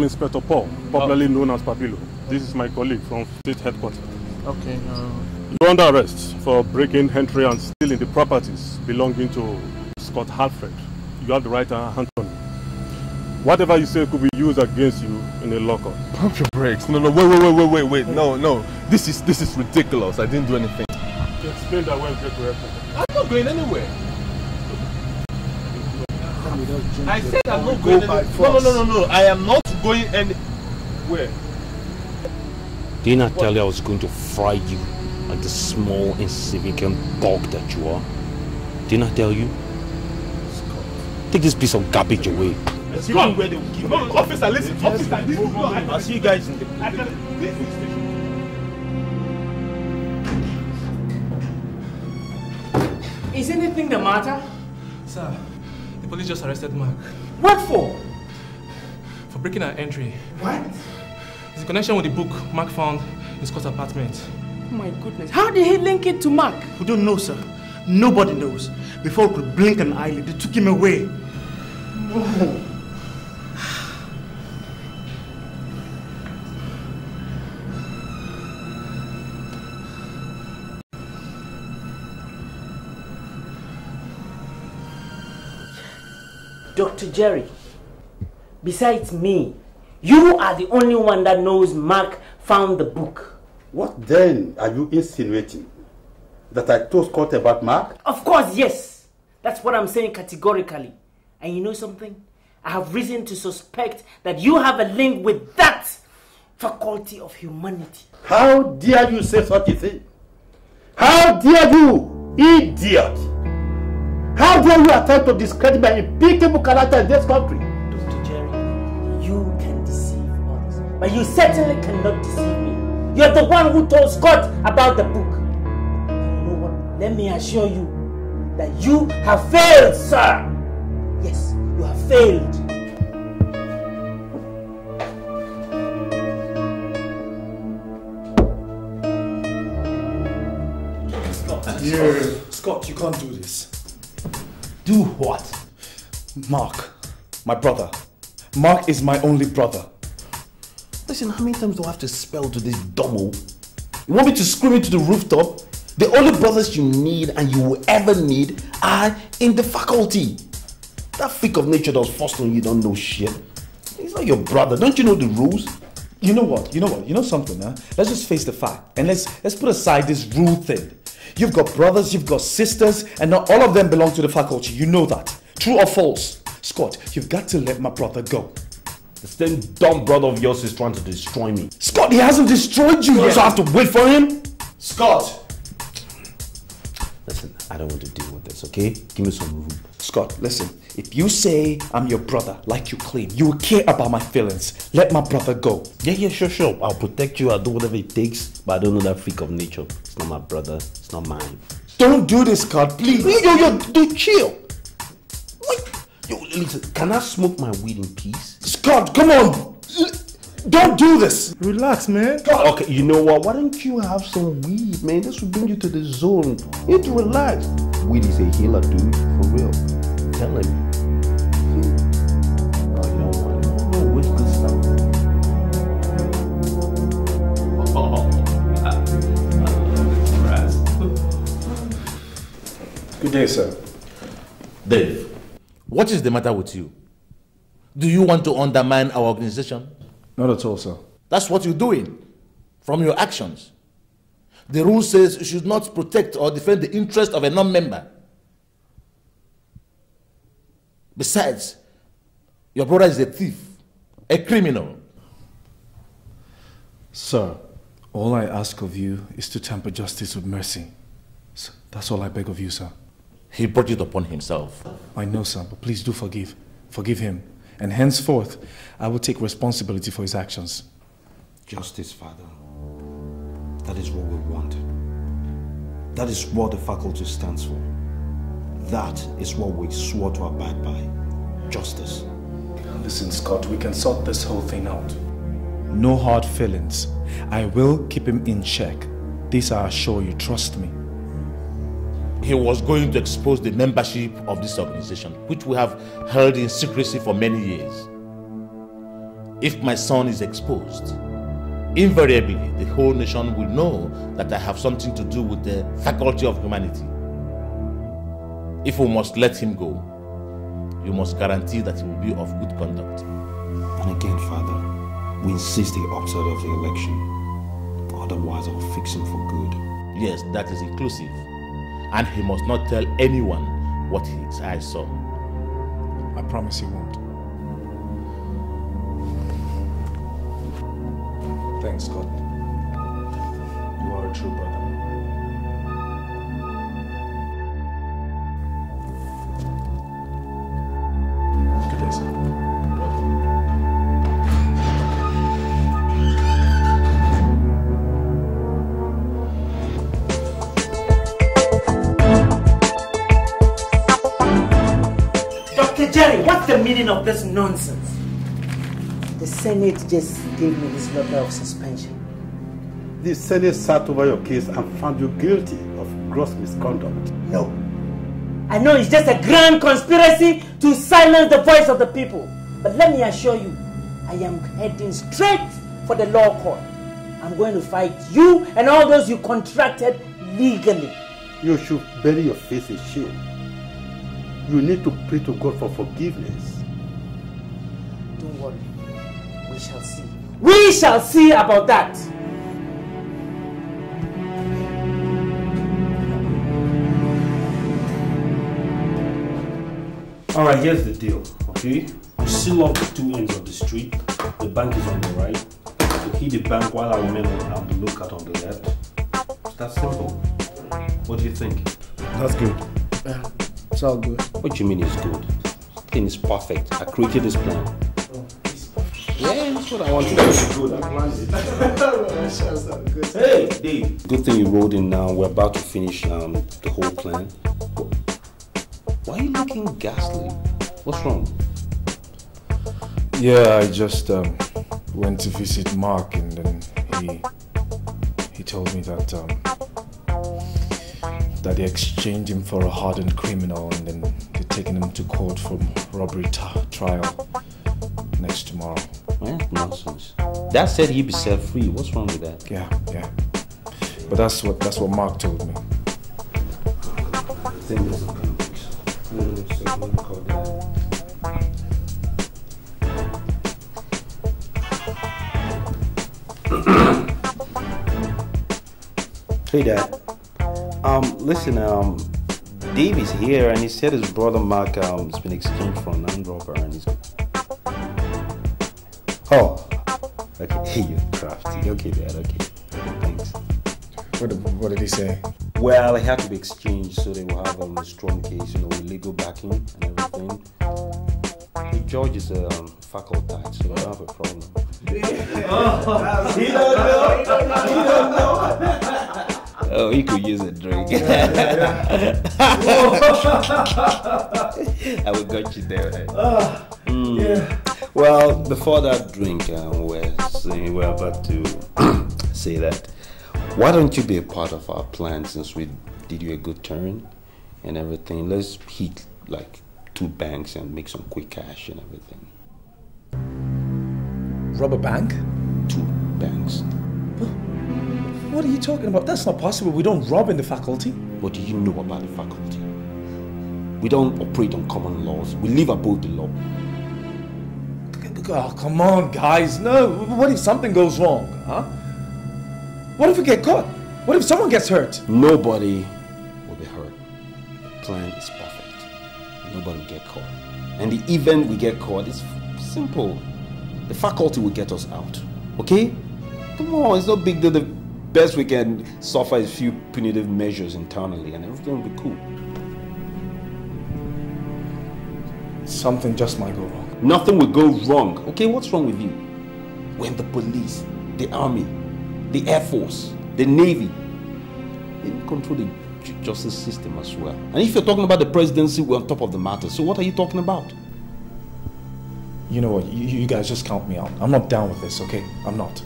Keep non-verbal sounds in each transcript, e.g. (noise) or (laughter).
I'm Inspector Paul, popularly oh. known as Papilo. This is my colleague from state headquarters. Okay. Uh... You're under arrest for breaking, entry and stealing the properties belonging to Scott Halfred. You have the right hand on you. Whatever you say could be used against you in a lockup. Pump your brakes. No, no, wait, wait, wait, wait, wait, wait. No, no. This is this is ridiculous. I didn't do anything. You explain that when you get I'm not going anywhere. I said I'm not going. No, no, no, no, no. I am not going anywhere. Didn't I what? tell you I was going to fry you like the small insignificant dog that you are? Didn't I tell you? Take this piece of garbage away. Let's Officer, listen, yes, officer, this is I'll see you guys in the... I is... Is anything the matter? Sir, the police just arrested Mark. What for? breaking our entry. What? It's in connection with the book Mark found in Scott's apartment. Oh my goodness. How did he link it to Mark? We don't know, sir. Nobody knows. Before we could blink an eyelid, they took him away. Dr. Jerry besides me. You are the only one that knows Mark found the book. What then are you insinuating? That I told Scott about Mark? Of course, yes. That's what I'm saying categorically. And you know something? I have reason to suspect that you have a link with that faculty of humanity. How dare you say such a thing? How dare you, idiot? How dare you attempt to discredit my impeccable character in this country? you can deceive others, but you certainly cannot deceive me. You're the one who told Scott about the book. You know what? Let me assure you that you have failed, sir. Yes, you have failed. Scott, Scott, Scott, you can't do this. Do what? Mark, my brother, Mark is my only brother. Listen, how many times do I have to spell to this domo? You want me to scream into the rooftop? The only brothers you need and you will ever need are in the faculty. That freak of nature forced on you don't know shit. He's not your brother. Don't you know the rules? You know what? You know what? You know something, huh? Let's just face the fact and let's let's put aside this rule thing. You've got brothers, you've got sisters, and not all of them belong to the faculty. You know that. True or false? Scott, you've got to let my brother go. This same dumb brother of yours is trying to destroy me. Scott, he hasn't destroyed you yet, so I have to wait for him? Scott! Listen, I don't want to deal with this, okay? Give me some room. Scott, listen. If you say I'm your brother, like you claim, you will care about my feelings. Let my brother go. Yeah, yeah, sure, sure. I'll protect you. I'll do whatever it takes. But I don't know that freak of nature. It's not my brother. It's not mine. Don't do this, Scott. Please. Yo, yo, dude, chill. Yo, listen, can I smoke my weed in peace? Scott, come on! Don't do this! Relax, man. God. Okay, you know what? Why don't you have some weed, man? This will bring you to the zone. You need to relax. Weed is a healer, dude. For real. Oh, i him. Good day, sir. Dave. What is the matter with you? Do you want to undermine our organization? Not at all, sir. That's what you're doing from your actions. The rule says you should not protect or defend the interest of a non-member. Besides, your brother is a thief, a criminal. Sir, all I ask of you is to temper justice with mercy. That's all I beg of you, sir. He brought it upon himself. I know, sir, but please do forgive. Forgive him. And henceforth, I will take responsibility for his actions. Justice, Father. That is what we want. That is what the faculty stands for. That is what we swore to abide by. Justice. Listen, Scott, we can sort this whole thing out. No hard feelings. I will keep him in check. This I assure you, trust me he was going to expose the membership of this organization, which we have held in secrecy for many years. If my son is exposed, invariably the whole nation will know that I have something to do with the faculty of humanity. If we must let him go, you must guarantee that he will be of good conduct. And again, Father, we insist the upside of the election. Otherwise, I'll fix him for good. Yes, that is inclusive and he must not tell anyone what his eyes saw. I promise he won't. Thanks, God. You are a true brother. Good day, sir. the meaning of this nonsense? The Senate just gave me this letter of suspension. The Senate sat over your case and found you guilty of gross misconduct. No. I know it's just a grand conspiracy to silence the voice of the people. But let me assure you, I am heading straight for the law court. I'm going to fight you and all those you contracted legally. You should bury your face in shame. You need to pray to God for forgiveness. Don't worry. We shall see. We shall see about that. Alright, here's the deal, okay? We seal off the two ends of the street. The bank is on the right. You hit the bank while I am looking the lookout on the left. It's that simple. What do you think? That's good. Uh, it's all good. What do you mean it's good? Thing is perfect. I created this plan. yeah, that's what I wanted. good. (laughs) hey, Dave. Good thing you rolled in now. We're about to finish um, the whole plan. Why are you looking ghastly? What's wrong? Yeah, I just um, went to visit Mark, and then he he told me that um, that they exchanged him for a hardened criminal and then they're taking him to court for robbery t- trial next tomorrow. Yeah, nonsense. That said, he would be set free. What's wrong with that? Yeah, yeah. But that's what that's what Mark told me. hey, Dad. Um, listen, um, Dave is here and he said his brother Mark um, has been exchanged for a non robber and he's. Oh, okay, (laughs) you're crafty. Okay, Dad, okay. Thanks. What, what did he say? Well, it had to be exchanged so they will have um, a strong case, you know, with legal backing and everything. The judge is a um, faculty, so I don't have a problem. (laughs) oh, he does not know. He does not know. (laughs) Oh, he could use a drink. Yeah, yeah, (laughs) I will got you there. Right? Uh, ah, mm. Yeah. Well, before that drink, uh, we're, saying, we're about to (clears throat) say that. Why don't you be a part of our plan since we did you a good turn and everything? Let's hit like two banks and make some quick cash and everything. Rob a bank? Two banks. What are you talking about? That's not possible. We don't rob in the faculty. What do you know about the faculty? We don't operate on common laws. We live above the law. Oh, come on, guys. No. What if something goes wrong? Huh? What if we get caught? What if someone gets hurt? Nobody will be hurt. The plan is perfect. Nobody will get caught. And the event we get caught is simple. The faculty will get us out. Okay? Come on, it's no big deal best we can suffer a few punitive measures internally and everything will be cool. Something just might go wrong. Nothing will go wrong. Okay, what's wrong with you? When the police, the army, the air force, the navy, they control the justice system as well. And if you're talking about the presidency, we're on top of the matter. So what are you talking about? You know what, you, you guys just count me out. I'm not down with this, okay? I'm not.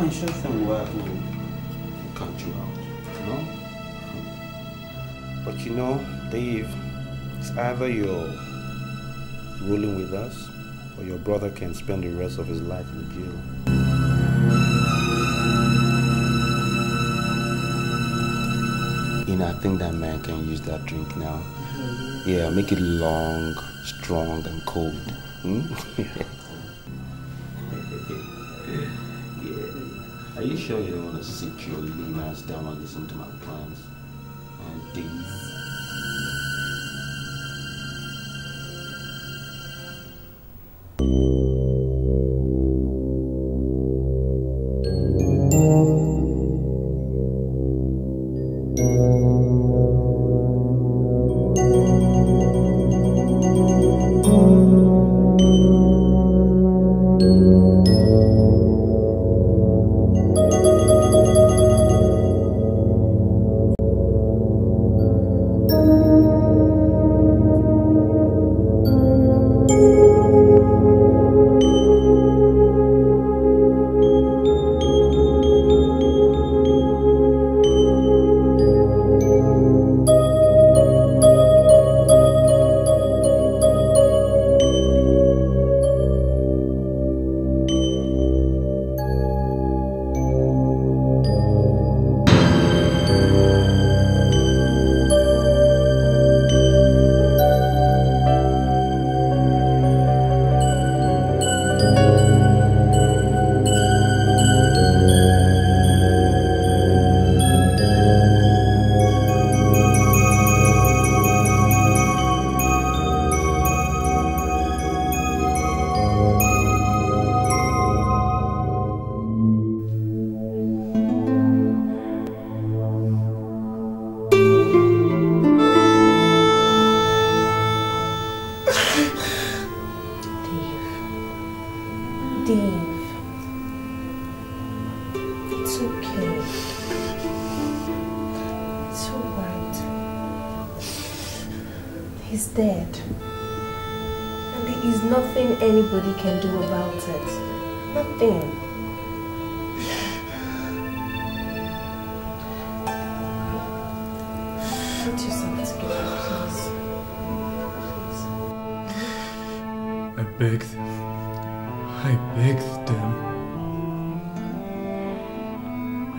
conscience and work will cut you out, No. But you know, Dave, it's either you're ruling with us or your brother can spend the rest of his life in jail. You know, I think that man can use that drink now. Yeah, make it long, strong, and cold. Hmm? (laughs) (laughs) Are you sure you don't want to sit your lame ass down and listen to my plans? And Thank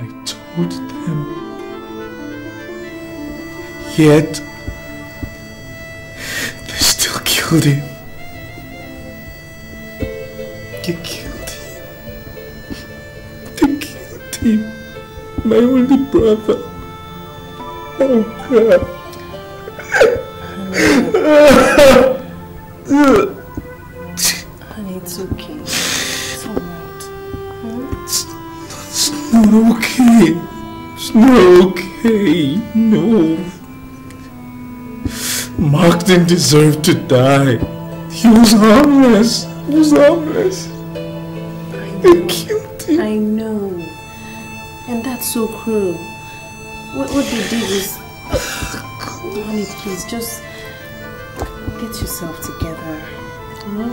I told them. Yet, they still killed him. They killed him. They killed him. My only brother. Oh God. Deserve to die. He was harmless. He was harmless. They killed him. I know. And that's so cruel. What, what they did is... Honey, please, just get yourself together. You know?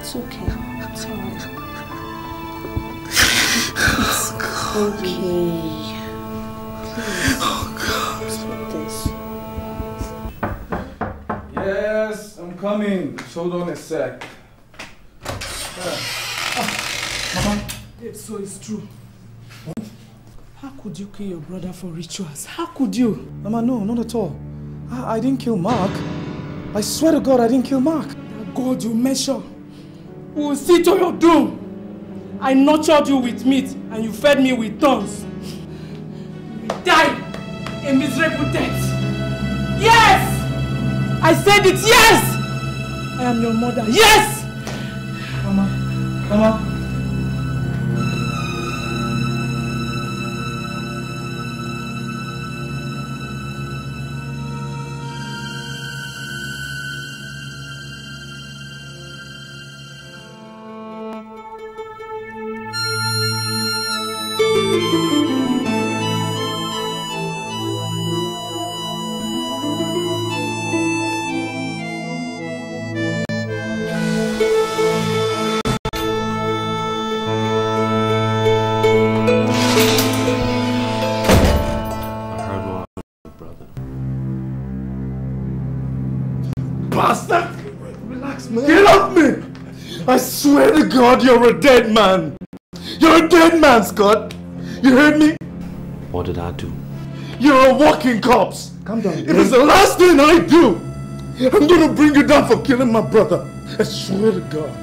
It's okay. It's alright. It's okay. Please. Come Just hold on a sec. Ah, Mama. Dave, so it's true. What? How could you kill your brother for rituals? How could you? Mama, no, not at all. I, I didn't kill Mark. I swear to God, I didn't kill Mark. God you measure will see to your doom. I nurtured you with meat and you fed me with thorns. You die a miserable death. Yes! I said it, yes! I am your mother. Yes! Mama, Mama, God, you're a dead man. You're a dead man, Scott. You heard me? What did I do? You're a walking corpse. Calm down. It is the last thing I do. I'm going to bring you down for killing my brother. I swear to God.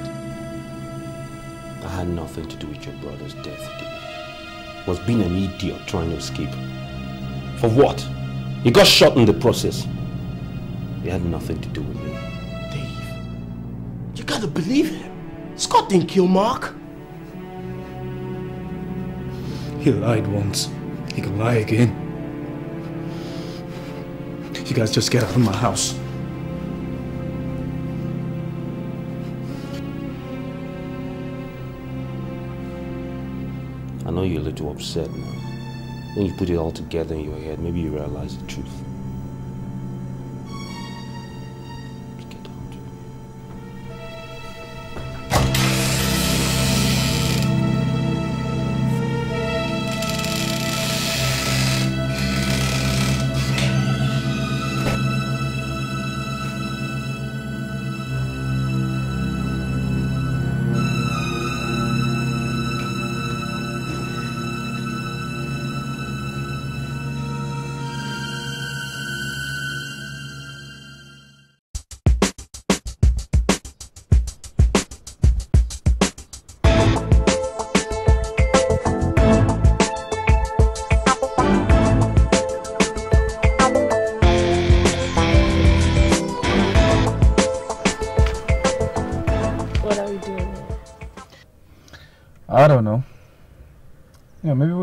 I had nothing to do with your brother's death, David. Was being an idiot trying to escape. For what? He got shot in the process. He had nothing to do with me. Dave, you gotta believe him. Scott didn't kill Mark. He lied once. He can lie again. You guys just get out of my house. I know you're a little upset now. When you put it all together in your head, maybe you realize the truth.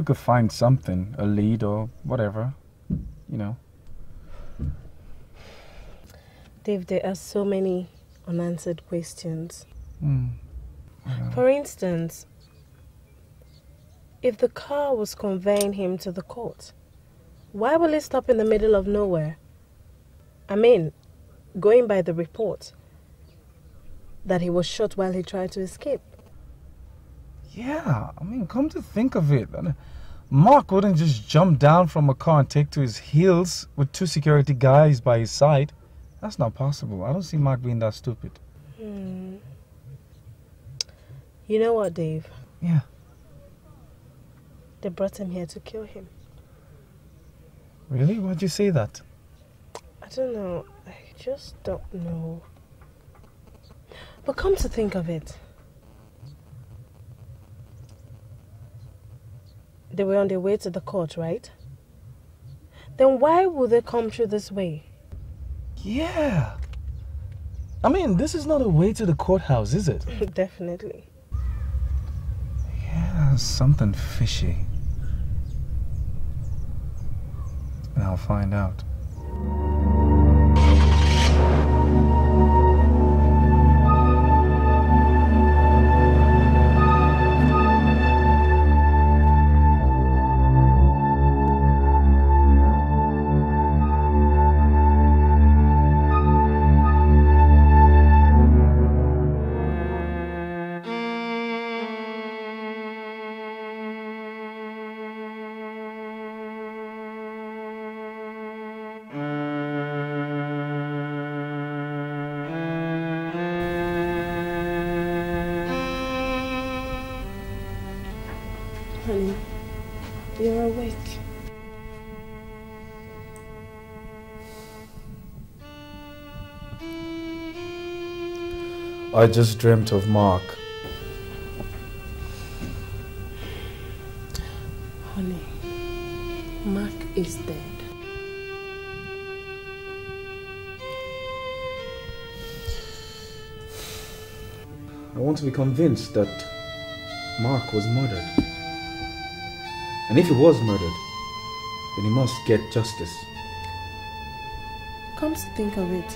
we could find something, a lead or whatever, you know. Dave, there are so many unanswered questions. Mm. Yeah. For instance, if the car was conveying him to the court, why will it stop in the middle of nowhere? I mean, going by the report that he was shot while he tried to escape. Yeah, I mean, come to think of it, Mark wouldn't just jump down from a car and take to his heels with two security guys by his side. That's not possible. I don't see Mark being that stupid. Hmm. You know what, Dave? Yeah. They brought him here to kill him. Really? Why'd you say that? I don't know. I just don't know. But come to think of it, They were on their way to the court, right? Then why would they come through this way? Yeah. I mean, this is not a way to the courthouse, is it? (laughs) Definitely. Yeah, something fishy. And I'll find out. I just dreamt of Mark. Honey, Mark is dead. I want to be convinced that Mark was murdered. And if he was murdered, then he must get justice. Come to think of it,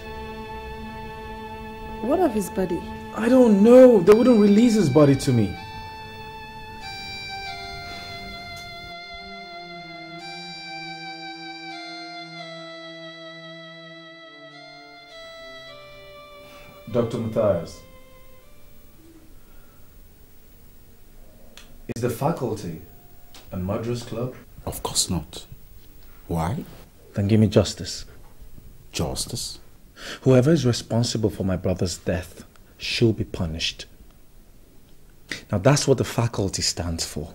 what of his body? I don't know. They wouldn't release his body to me. Dr. Matthias, is the faculty a murderous club? Of course not. Why? Then give me justice. Justice? Whoever is responsible for my brother's death shall be punished. Now, that's what the faculty stands for.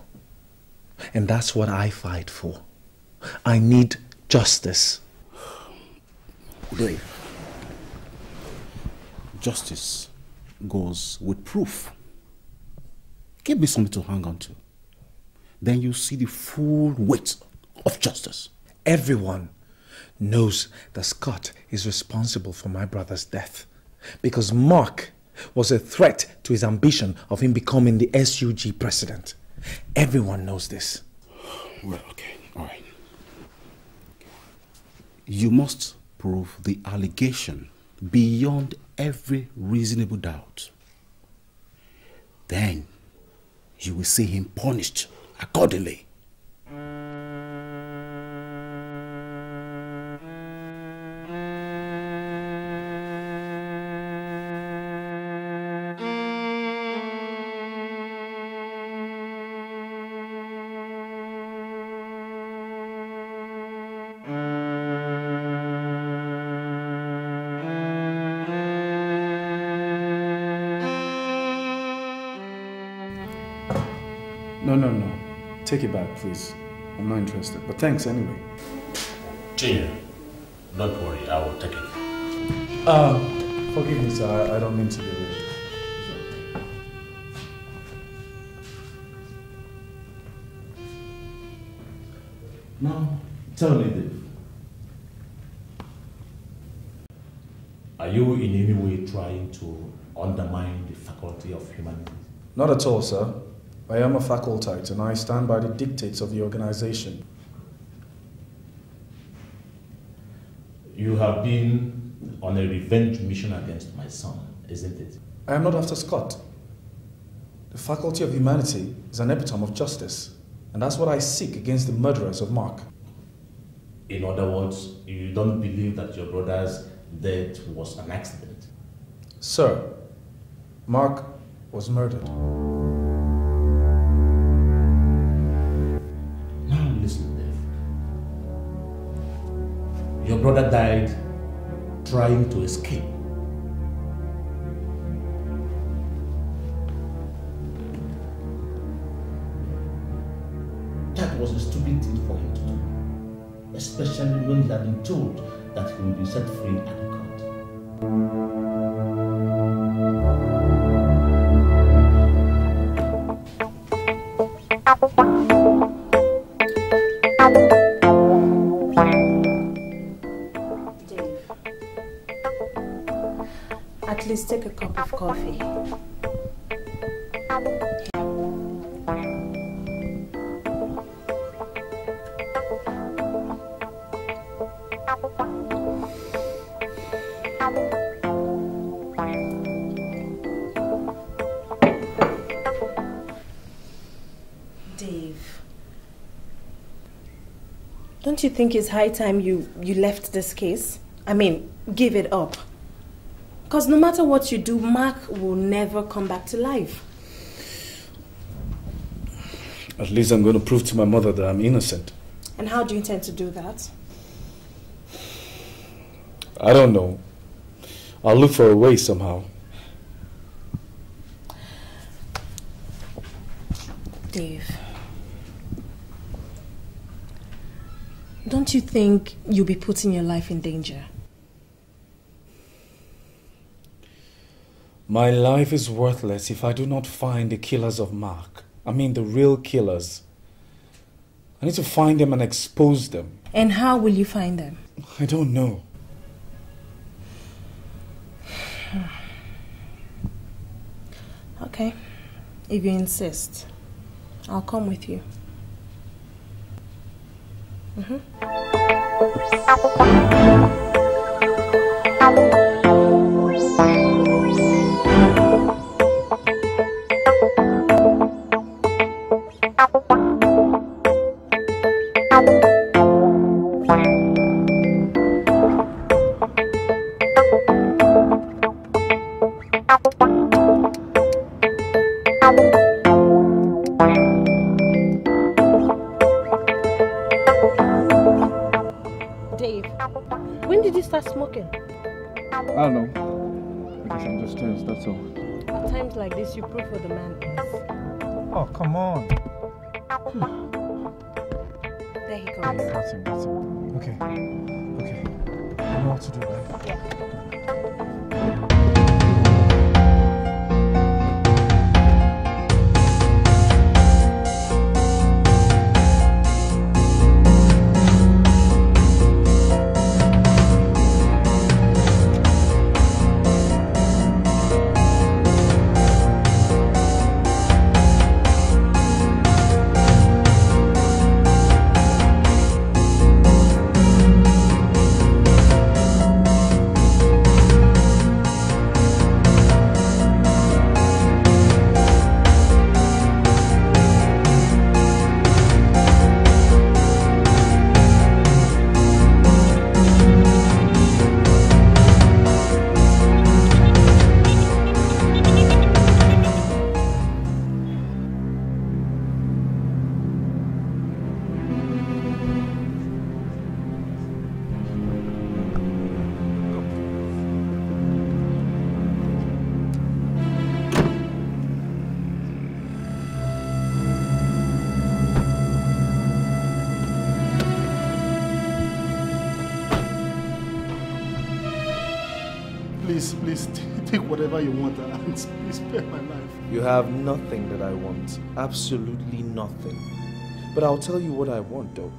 And that's what I fight for. I need justice. Dave, justice goes with proof. Give me something to hang on to. Then you see the full weight of justice. Everyone knows that Scott is responsible for my brother's death because Mark was a threat to his ambition of him becoming the SUG president. Everyone knows this. Well, okay, all right. You must prove the allegation beyond every reasonable doubt. Then you will see him punished accordingly. Take it back, please. I'm not interested, but thanks anyway. Junior, don't worry, I will take it. Uh, um, forgive me, sir. I don't mean to be rude. Now, tell me this. Are you in any way trying to undermine the faculty of humanity? Not at all, sir. I am a facultite and I stand by the dictates of the organization. You have been on a revenge mission against my son, isn't it? I am not after Scott. The faculty of humanity is an epitome of justice, and that's what I seek against the murderers of Mark. In other words, you don't believe that your brother's death was an accident? Sir, Mark was murdered. brother died trying to escape. That was a stupid thing for him to do, especially when he had been told that he would be set free at the think it's high time you, you left this case? I mean, give it up. Because no matter what you do, Mark will never come back to life. At least I'm going to prove to my mother that I'm innocent. And how do you intend to do that? I don't know. I'll look for a way somehow. do you think you'll be putting your life in danger? My life is worthless if I do not find the killers of Mark. I mean, the real killers. I need to find them and expose them. And how will you find them? I don't know. (sighs) okay, if you insist, I'll come with you. 嗯哼。please, please (laughs) take whatever you want and (laughs) please spare my life. You have nothing that I want. Absolutely nothing. But I'll tell you what I want though.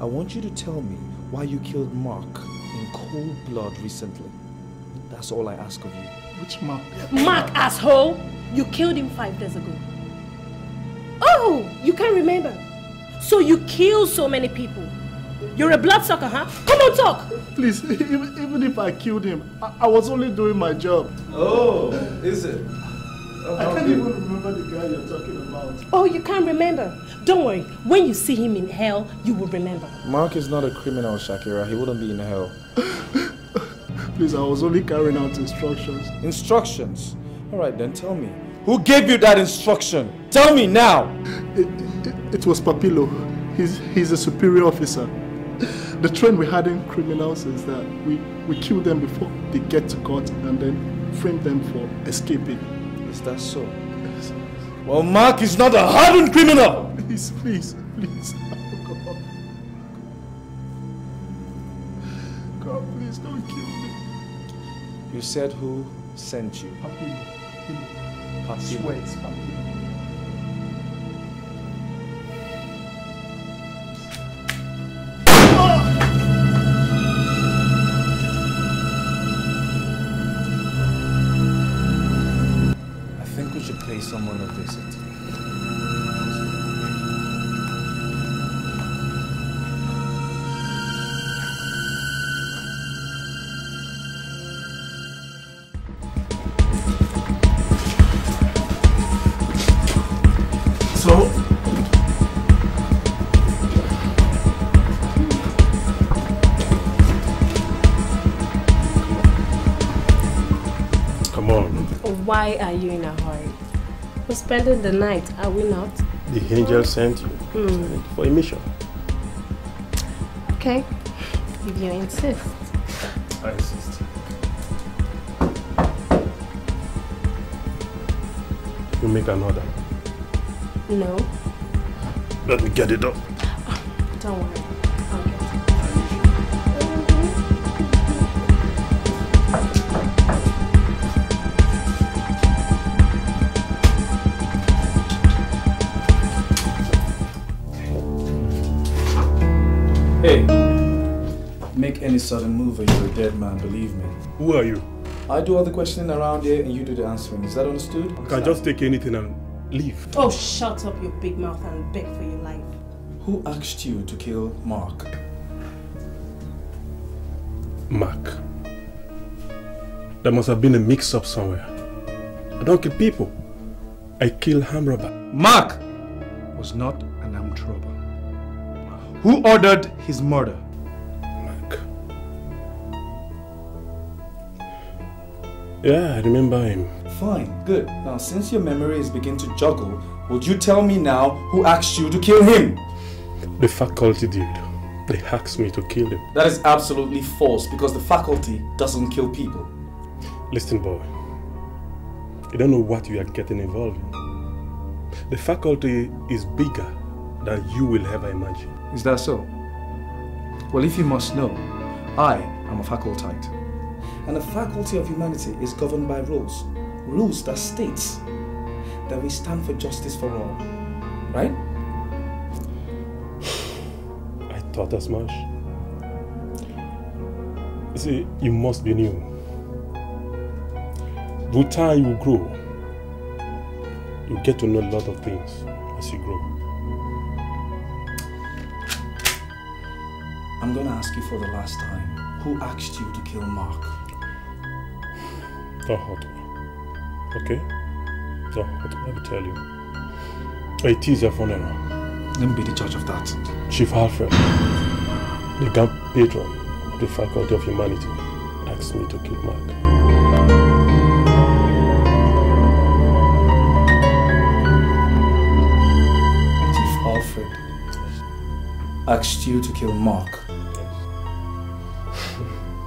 I want you to tell me why you killed Mark in cold blood recently. That's all I ask of you. Which Mark? Mark, asshole! You killed him five days ago. Oh, you can't remember. So you killed so many people. You're a bloodsucker, huh? Come on, talk! Please, (laughs) even, if I killed him, I, was only doing my job. Oh, is it? I can't even remember the guy you're talking about. Oh, you can't remember? Don't worry. When you see him in hell, you will remember. Mark is not a criminal, Shakira. He wouldn't be in hell. (laughs) Please, I was only carrying out instructions. Instructions? All right, then tell me. Who gave you that instruction? Tell me now! It, it, it was Papillo. He's, he's a superior officer the trend we had in criminals is that we, we kill them before they get to court and then frame them for escaping. Is that so? Yes. Well, Mark is not a hardened criminal! (laughs) Please, please, please. Oh, God. God, please don't kill me. You said who sent you? Papino. Papino. Papino. Why are you in a hurry? We're spending the night, are we not? The angel hmm. sent you mm. for a mission. Okay, if you insist. I insist. You make another. No. Let me get it up. Oh, don't worry. sudden move or you're a dead man, believe me. Who are you? I do all the questioning around here and you do the answering. Is that understood? I can just take anything and leave. Oh, shut up your big mouth and beg for your life. Who asked you to kill Mark? Mark. There must have been a mix-up somewhere. I don't kill people. I kill arm robber. Mark was not an armed robber. Who ordered his murder? Yeah, I remember him. Fine, good. Now, since your memories begin to juggle, would you tell me now who asked you to kill him? The faculty did. They asked me to kill him. That is absolutely false because the faculty doesn't kill people. Listen, boy. You don't know what you are getting involved in. The faculty is bigger than you will ever imagine. Is that so? Well, if you must know, I am a facultite. And the faculty of humanity is governed by rules. Rules that states that we stand for justice for all. Right? (sighs) I thought as much. You see, you must be new. With time you grow. You get to know a lot of things as you grow. I'm gonna ask you for the last time. Who asked you to kill Mark? the hot Okay? The hot let me tell you. It is a funeral. Let me be the judge of that. Chief Alfred, the camp patron of the Faculty of Humanity, asked me to kill Mark. asked you to kill Mark.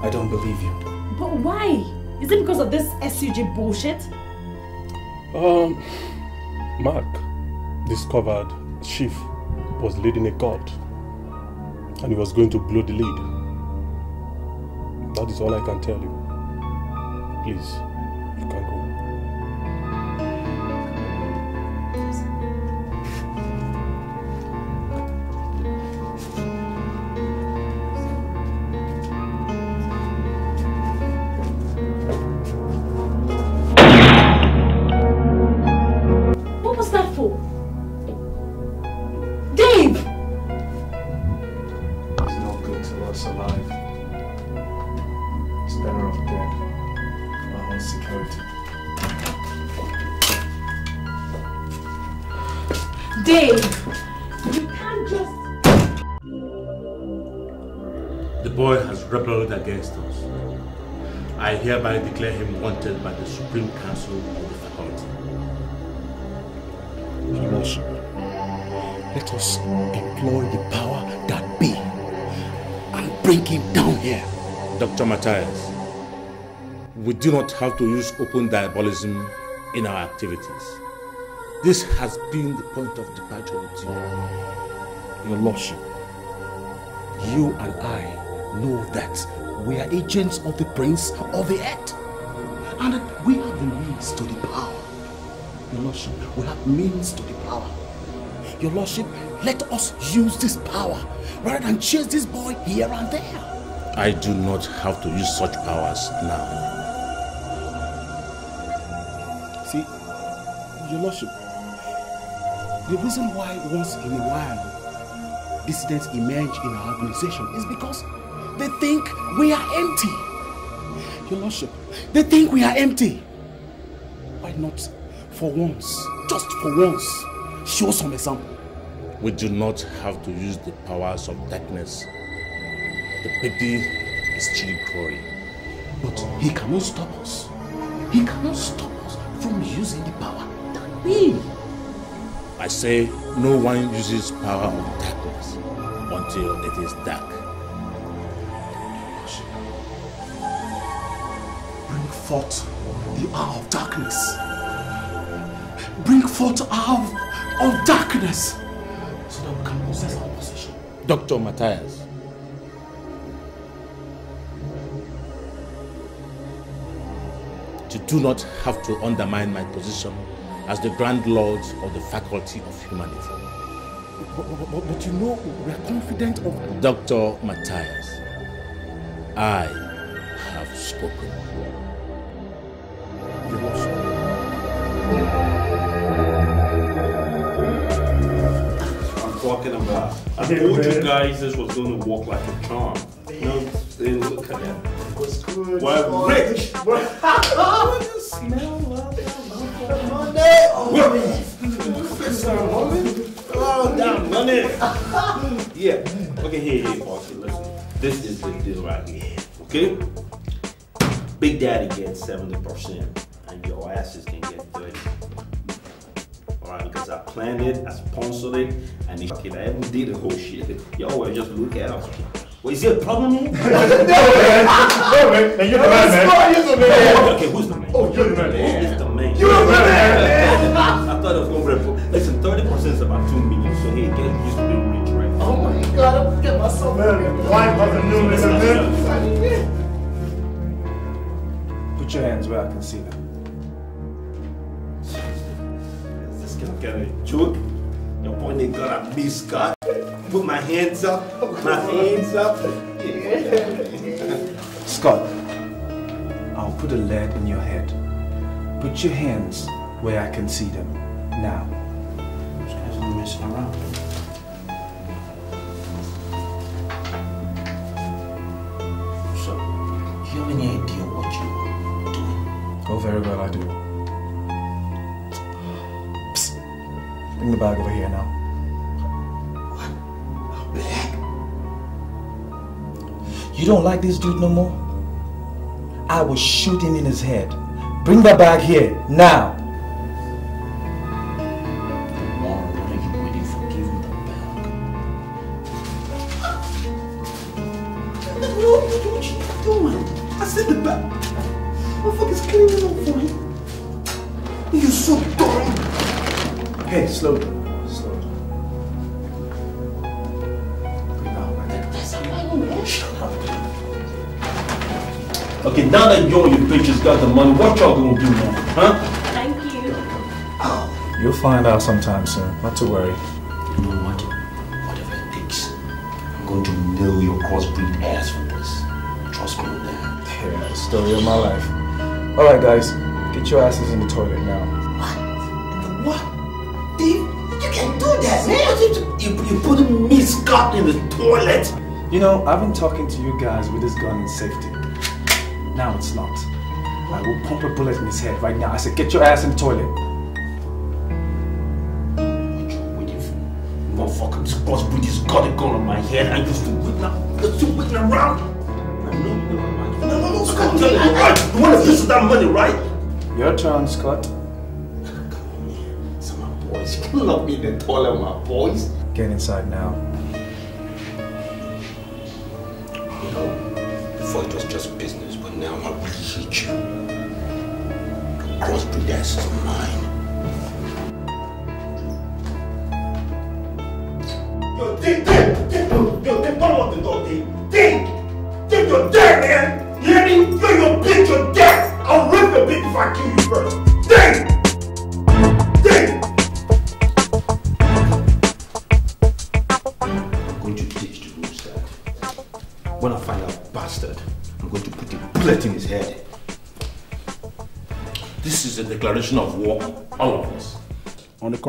I don't believe you. But why? Is it because of this SUG bullshit? Um, Mark discovered Chief was leading a cult and he was going to blow the lead. That is all I can tell you. Please. We do not have to use open diabolism in our activities. This has been the point of departure with you. Your Lordship, you and I know that we are agents of the Prince of the Earth and that we have the means to the power. Your Lordship, we have means to the power. Your Lordship, let us use this power rather than chase this boy here and there. I do not have to use such powers now. See, Your Lordship, the reason why once in a while dissidents emerge in our organization is because they think we are empty. Your Lordship, they think we are empty. Why not for once, just for once, show some example? We do not have to use the powers of darkness the Peggy is chilling Croy. But he cannot stop us. He cannot stop us from using the power that we. I say no one uses power of darkness until it is dark. Bring forth the hour of darkness. Bring forth hour of darkness so that we can possess our possession. Dr. Matthias, you do not have to undermine my position as the Grand Lord of the Faculty of Humanism. But, but, but, you know, we are confident of... Dr. Matthias, I have spoken. You I'm talking about... I told you guys this was going to work like a charm. No they look at that. What's good? Why rich? what you smell love, Monday? Oh, money. yeah. Okay, here, here, Marcy. Listen, this is the deal right here. Okay. Big Daddy gets seventy percent, and your asses can get thirty. Alright, because I planned it, I sponsored it, and if I even did the whole shit, y'all just look at us. Well, is there a problem here? (laughs) no, man. No, man. And you're the man, man. You're the man. Okay, who's the man? Oh, you're the man. Who is the man? You're the man. man. (laughs) I thought I was going for that. Listen, 30% is about 2 million, so he gets used to being rich, right? Oh, my God. I'm get myself man. of here. Why bother New this, man? Put your hands where I can see them. Is this guy gonna joke? You're pointing gun at me, Scott. Put my hands up. My hands up. Yeah. (laughs) Scott, I'll put a lead in your head. Put your hands where I can see them. Now. This guy's not messing around. So, do you have any idea what you are doing? Oh, very well, I do. Psst. Bring the bag over here now. You don't like this dude no more? I will shoot him in his head. Bring that bag here, now. sometime soon. Not to worry. You know what? Whatever it takes, I'm going to nail your crossbreed ass for this. Trust me on that. Yeah, story of my life. All right, guys, get your asses in the toilet now. What? What? Dave, you can't do that, man. You, you, you put me Scott in the toilet. You know, I've been talking to you guys with this gun in safety. Now it's not. I will pump a bullet in his head right now. I said, get your ass in the toilet. head and you're still wiggling, you're still wiggling around. I know you don't mind. No, no, no, Scott, tell you, want to use that money, right? Your turn, Scott. Come here. Some of my boys, you can love me, in the toilet, my boys. Get inside now.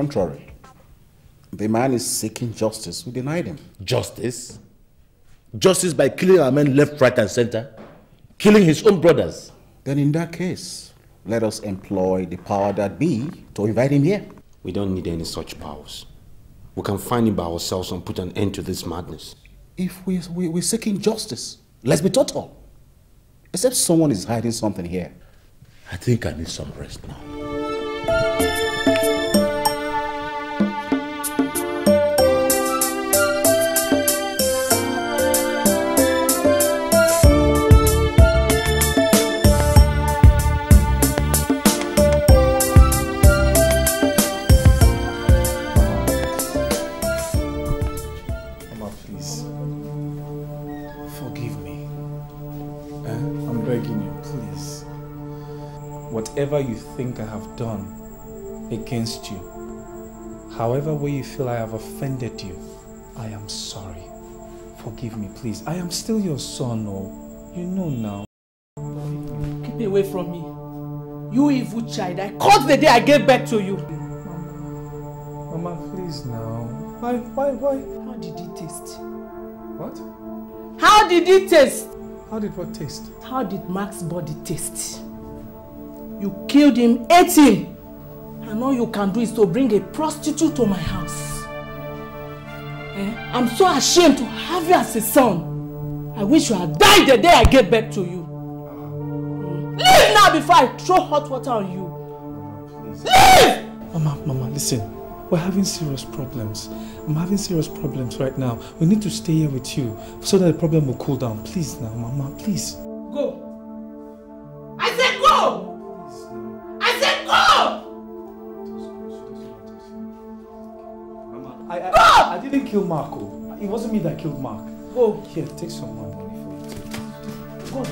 contrary. The man is seeking justice. We denied him. Justice? Justice by killing our men left, right, and center? Killing his own brothers? Then in that case, let us employ the power that be to invite him here. We don't need any such powers. We can find him by ourselves and put an end to this madness. If we, we, we're seeking justice, let's be total. Except someone is hiding something here. I think I need some rest now. whatever you think I have done against you, however way you feel I have offended you, I am sorry. Forgive me, please. I am still your son, oh. You know now. Keep away from me. You evil child, I caught the day I gave birth to you. Mama, Mama please now. Why, why, why? How did it taste? What? How did it taste? How did what taste? How did Mark's body taste? You killed him, ate him. And all you can do is to bring a prostitute to my house. Eh? I'm so ashamed to have you as a son. I wish you had died the day I gave birth to you. Ah. Leave now before I throw hot water on you. Mama, Mama, listen. We're having serious problems. I'm having serious problems right now. We need to stay here with you so that the problem will cool down. Please now, Mama, please. killed Marco. It wasn't me that killed Mark. Go. Here, take some money for you. Go.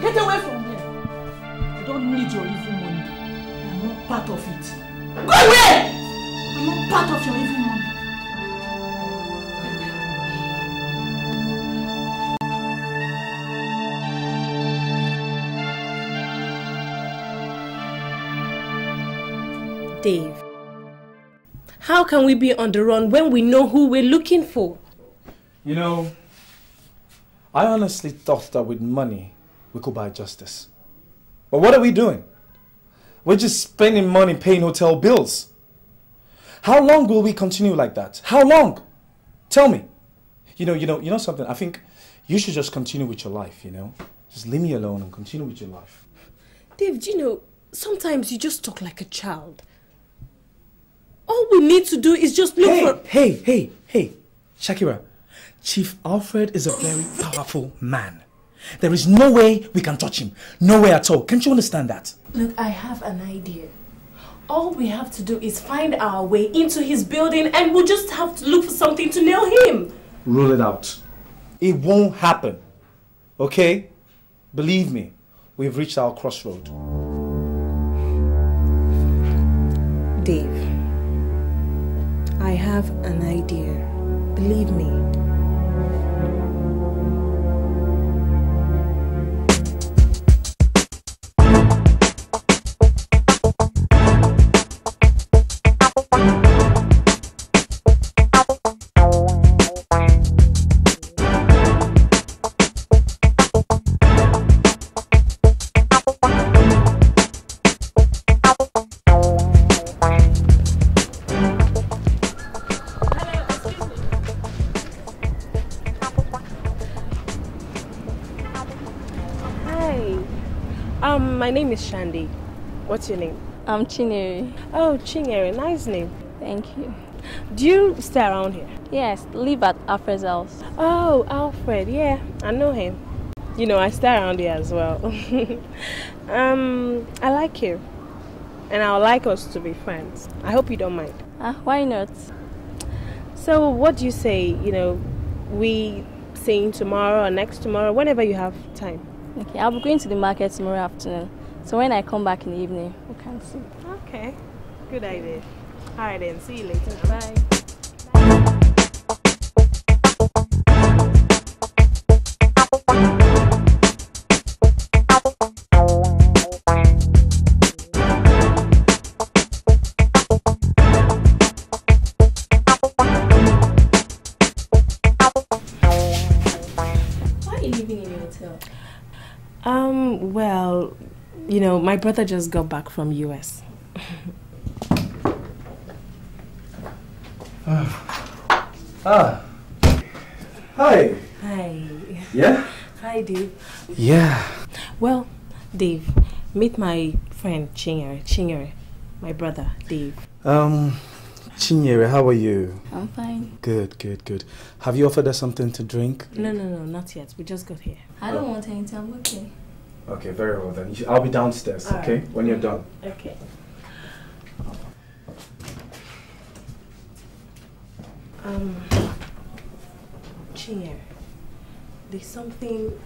Get away from here. I don't need your evil money. I'm not part of it. Go away! I'm not part of your evil money. Dave. How can we be on the run when we know who we're looking for? You know, I honestly thought that with money, we could buy justice. But what are we doing? We're just spending money paying hotel bills. How long will we continue like that? How long? Tell me. You know, you know, you know something? I think you should just continue with your life, you know? Just leave me alone and continue with your life. Dave, do you know, sometimes you just talk like a child. All we need to do is just look hey, for... Hey, hey, hey, Shakira. Chief Alfred is a very powerful man. There is no way we can touch him. No way at all. Can't you understand that? Look, I have an idea. All we have to do is find our way into his building and we'll just have to look for something to nail him. Rule it out. It won't happen. Okay? Believe me, we've reached our crossroad. Dave. I have an idea. Believe me, Shandi. What's your name? I'm Chineri. Oh, Chineri. Nice name. Thank you. Do you stay around here? Yes, live at Alfred's house. Oh, Alfred. Yeah, I know him. You know, I stay around here as well. (laughs) um, I like you. And I would like us to be friends. I hope you don't mind. Ah, uh, why not? So, what do you say, you know, we seeing tomorrow or next tomorrow, whenever you have time? Okay, I'll be going to the market tomorrow afternoon. So when I come back in the evening, we can see. Okay, good idea. All right then, see you later. Bye. you know, my brother just got back from US. Ah. ah. Hi. Hi. Yeah? Hi, Dave. Yeah. Well, Dave, meet my friend Chinyere. Chinyere, my brother, Dave. Um, Chinyere, how are you? I'm fine. Good, good, good. Have you offered us something to drink? No, no, no, not yet. We just got here. I don't want anything. I'm okay. Okay, very well then. I'll be downstairs, All okay? Right. When you're done. Okay. Um, Chinyer, there's something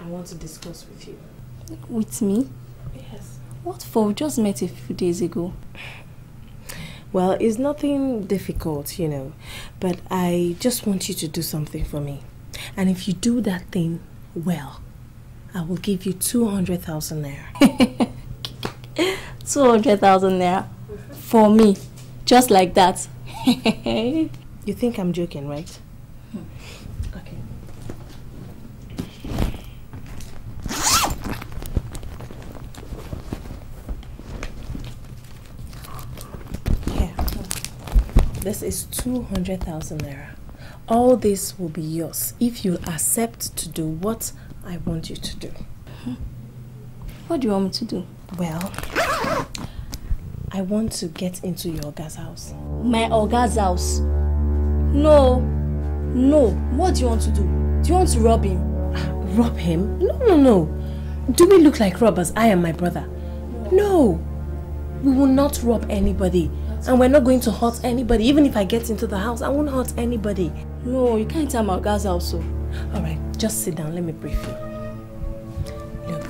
I want to discuss with you. With me? Yes. What for? We just met a few days ago. Well, it's nothing difficult, you know, but I just want you to do something for me. And if you do that thing well, I will give you 200,000 naira. (laughs) 200,000 naira for me, just like that. (laughs) you think I'm joking, right? Hmm. Okay. This is 200,000 naira. All this will be yours if you accept to do what I want you to do. Hmm? What do you want me to do? Well, I want to get into your Oga's house. My Oga's house? No. No. What do you want to do? Do you want to rob him? Uh, rob him? No, no, no. Do we look like robbers, I and my brother? No. no. We will not rob anybody. That's and we're not going to hurt anybody. Even if I get into the house, I won't hurt anybody. No, you can't tell my Oga's house so. Alright. Just sit down, let me brief you. Look,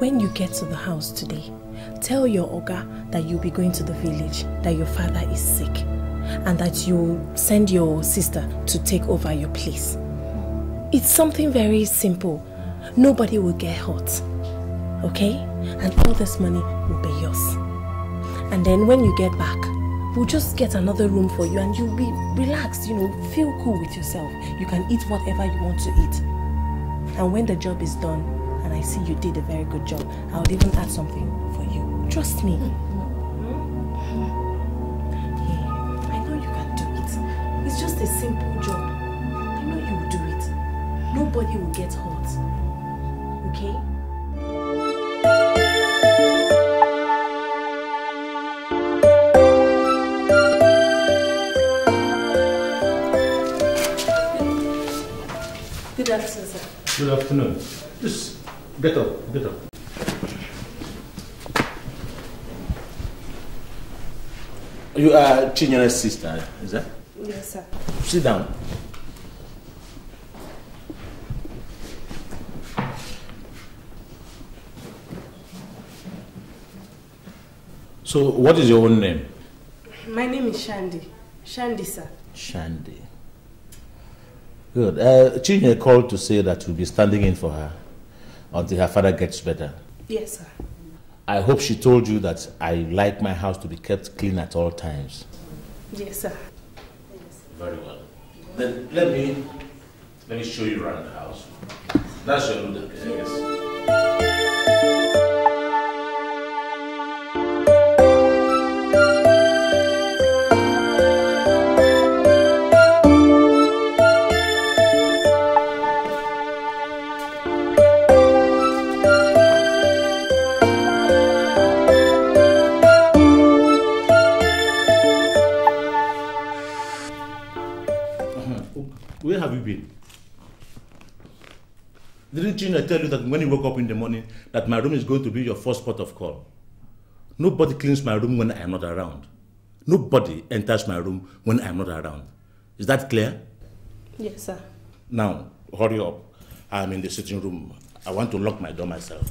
when you get to the house today, tell your Oga that you'll be going to the village, that your father is sick, and that you will send your sister to take over your place. It's something very simple. Nobody will get hurt, okay? And all this money will be yours. And then when you get back, We'll just get another room for you and you'll be relaxed, you know, feel cool with yourself. You can eat whatever you want to eat. And when the job is done, and I see you did a very good job, I would even add something for you. Trust me. yeah, I know you can do it. It's just a simple job. I know you'll do it. Nobody will get hurt. Good afternoon. Just get up, get up. You are Chinyana's sister, is that? Yes, sir. Sit down. So, what is your own name? My name is Shandi. Shandi, sir. Shandi. Good. Uh, Chinye called to say that you'll be standing in for her until her father gets better. Yes, sir. I hope she told you that I like my house to be kept clean at all times. Yes, sir. Very well. Then let me let me show you around the house. That's your room, I guess. yes. Where have you been? Didn't Chino tell you that when you woke up in the morning that my room is going to be your first port of call? Nobody cleans my room when I am not around. Nobody enters my room when I am not around. Is that clear? Yes, sir. Now, hurry up. I am in the sitting room. I want to lock my door myself.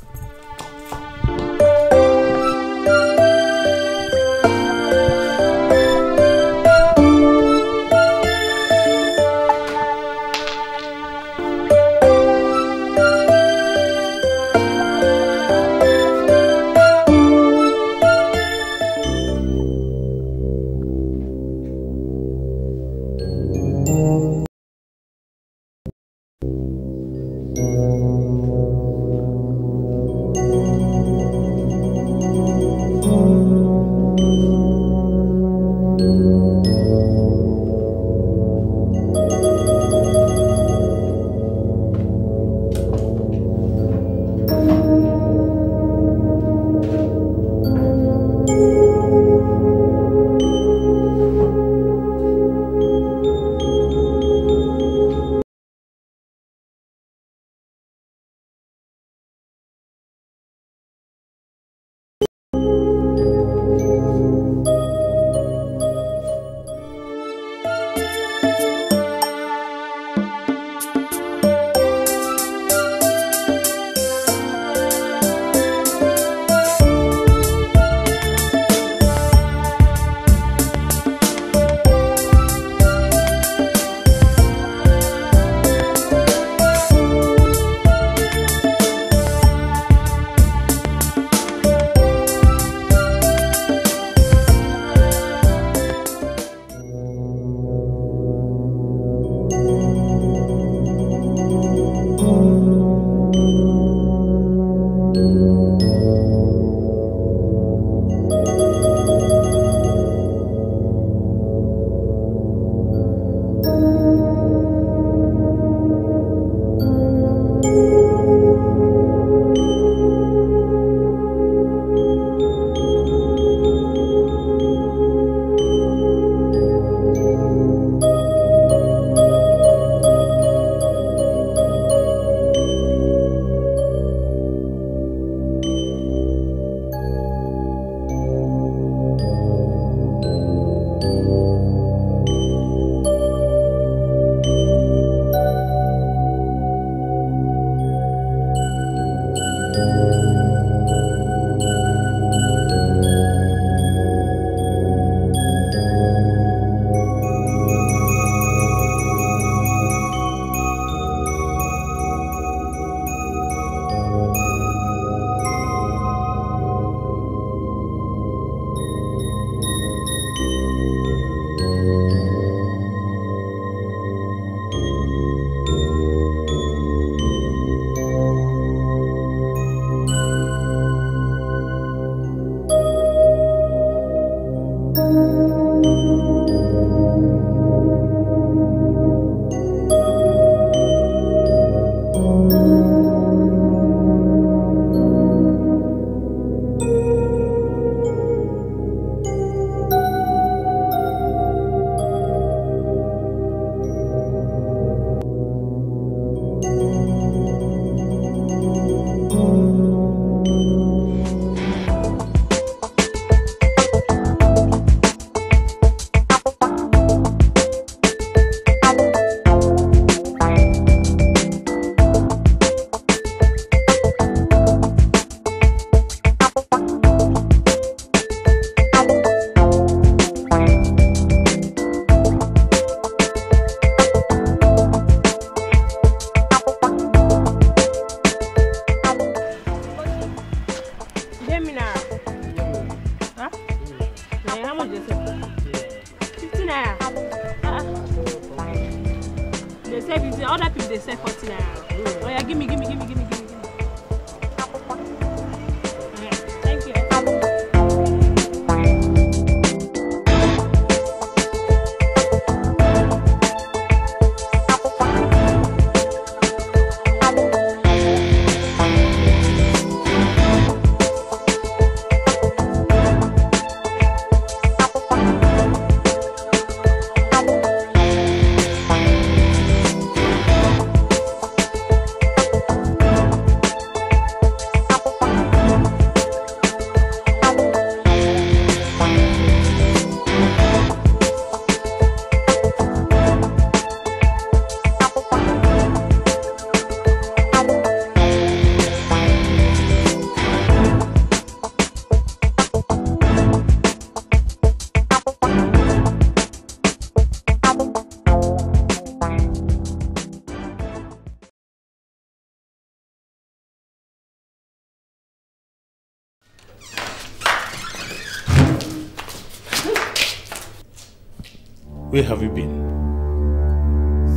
Where have you been?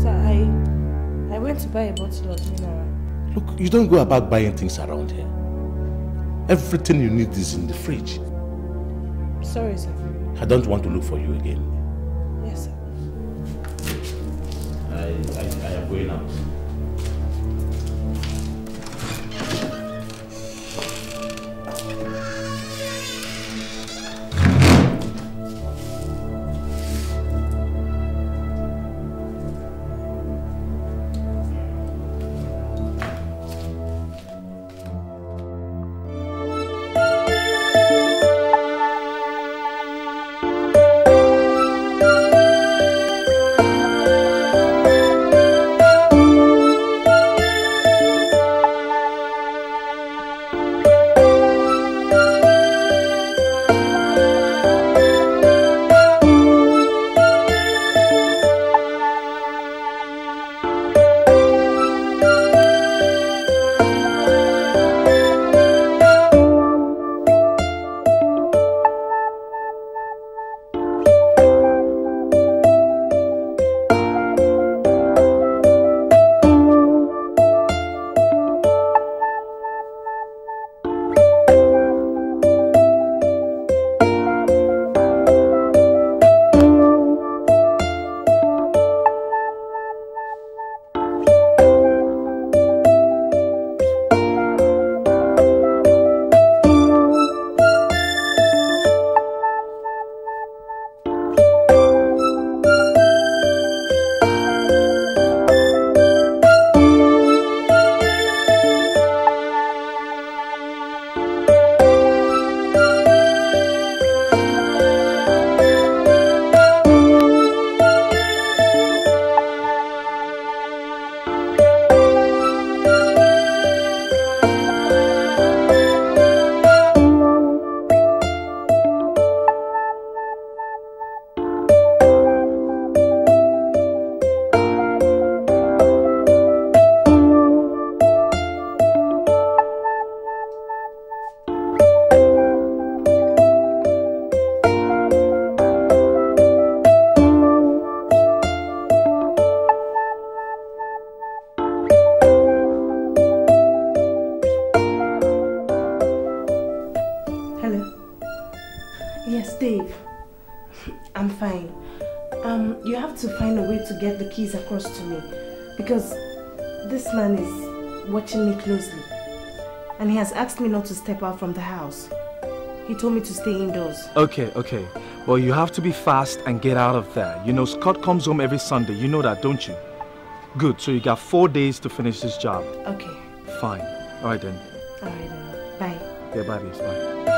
Sir, I, I went to buy a bottle of mineral. Look, you don't go about buying things around here. Everything you need is in the fridge. Sorry, sir. I don't want to look for you again. asked me not to step out from the house. He told me to stay indoors. Okay, okay. Well, you have to be fast and get out of there. You know, Scott comes home every Sunday. You know that, don't you? Good. So you got four days to finish this job. Okay. Fine. All right then. All right then. Bye. Yeah, bye, Bye.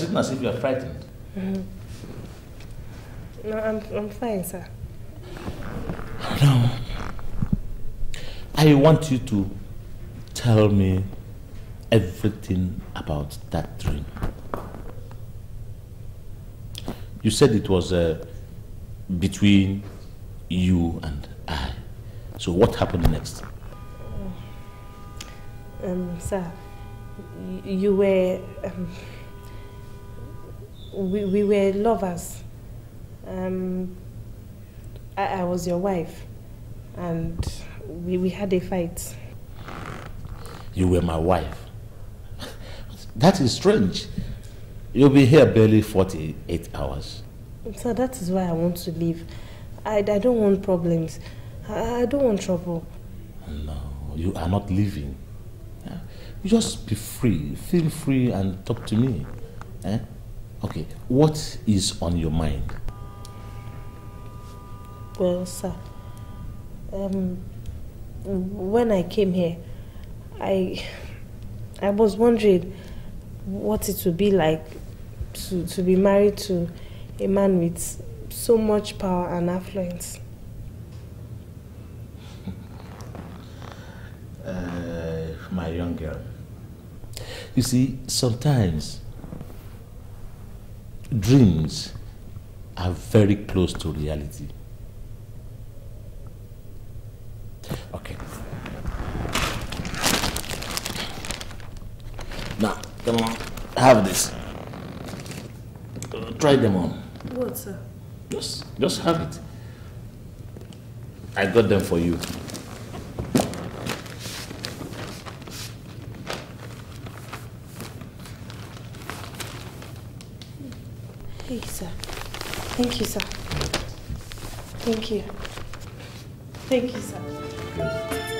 sitting as if you are frightened. Mm -hmm. No, I'm, I'm fine, sir. No. I want you to tell me everything about that dream. You said it was uh, between you and I. So what happened next? Um, sir, you were... Um we, we were lovers. Um, I, I was your wife, and we, we had a fight. You were my wife. that is strange. You'll be here barely 48 hours. So that is why I want to leave. I, I don't want problems. I, I don't want trouble. No, you are not leaving. Just be free. Feel free and talk to me. Eh? Okay, what is on your mind? Well, sir, um, when I came here, I, I was wondering what it would be like to, to be married to a man with so much power and affluence. (laughs) uh, my young girl. You see, sometimes dreams are very close to reality. Okay. Now, come on, have this. Uh, try them on. What, sir? Just, just have it. I got them for you. you, sir. Thank you, sir. Thank you. Thank you, sir.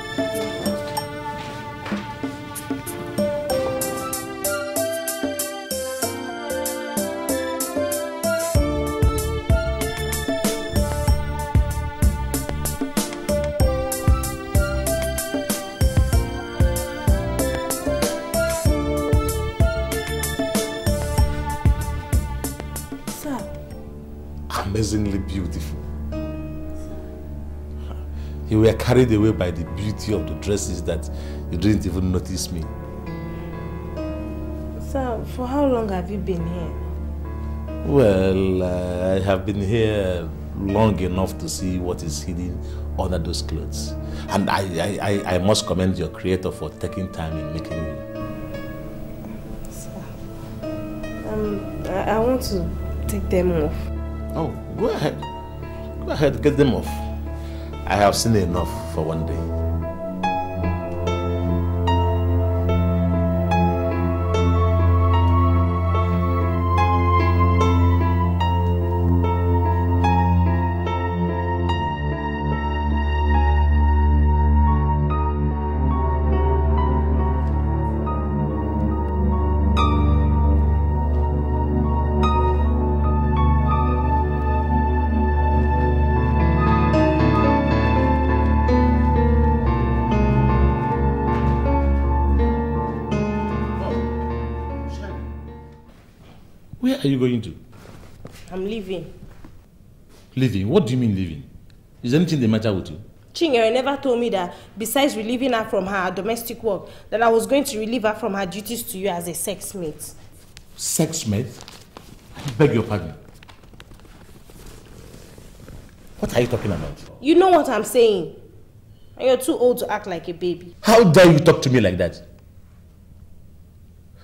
amazingly beautiful. You were carried away by the beauty of the dresses that you didn't even notice me. Sir, for how long have you been here? Well, uh, I have been here long enough to see what is hidden under those clothes. And I, I, I must commend your creator for taking time in making you. Sir, um, I, I want to take them off. Oh, go ahead. Go ahead, get them off. I have seen enough for one day. Leaving? What do you mean leaving? Is anything the matter with you? Chinyere never told me that besides relieving her from her domestic work, that I was going to relieve her from her duties to you as a sex mate. Sex mate? I beg your pardon. What are you talking about? You know what I'm saying. And you're too old to act like a baby. How dare you talk to me like that?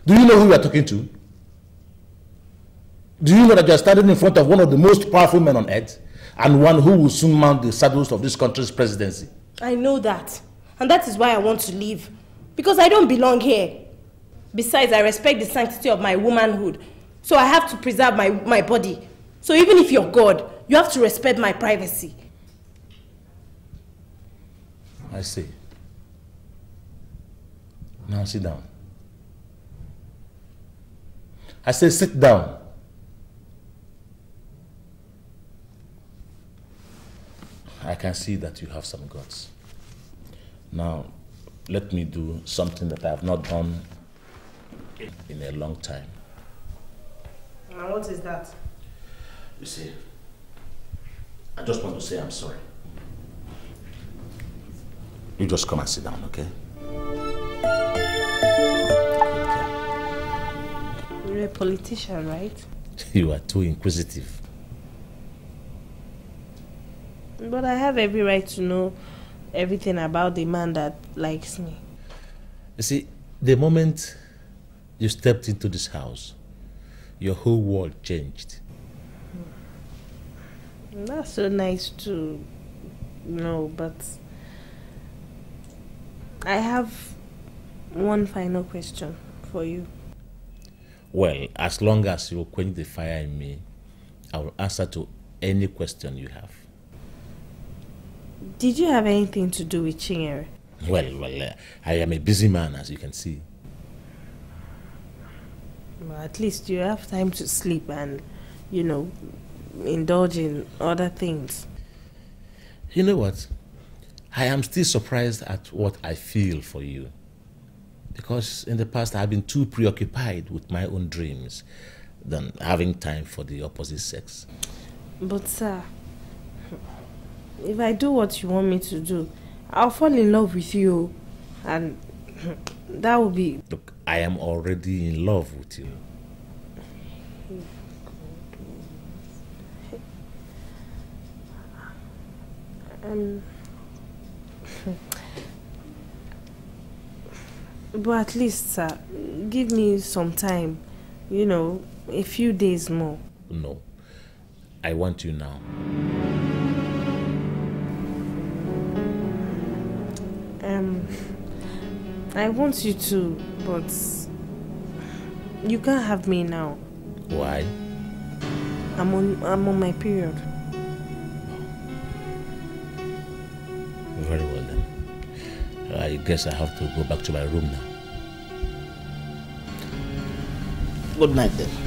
Do you know who you are talking to? Do you know that you are standing in front of one of the most powerful men on earth and one who will soon mount the saddles of this country's presidency? I know that. And that is why I want to leave. Because I don't belong here. Besides, I respect the sanctity of my womanhood. So I have to preserve my, my body. So even if you're God, you have to respect my privacy. I see. Now sit down. I say sit down. I can see that you have some guts. Now, let me do something that I have not done in a long time. And what is that? You see, I just want to say I'm sorry. You just come and sit down, okay? You're a politician, right? (laughs) you are too inquisitive. But I have every right to know everything about the man that likes me. You see, the moment you stepped into this house, your whole world changed. That's so nice to know, but I have one final question for you. Well, as long as you quench the fire in me, I will answer to any question you have. Did you have anything to do with Chinyere? Well, well, uh, I am a busy man, as you can see. Well, at least you have time to sleep and, you know, indulge in other things. You know what? I am still surprised at what I feel for you. Because in the past, I've been too preoccupied with my own dreams than having time for the opposite sex. But, sir, uh, if I do what you want me to do, I'll fall in love with you. And (clears throat) that will be. Look, I am already in love with you. Um, but at least, sir, give me some time, you know, a few days more. No, I want you now. Um, I want you to, but you can't have me now. Why? I'm on, I'm on my period. Very well then. I guess I have to go back to my room now. Good night then.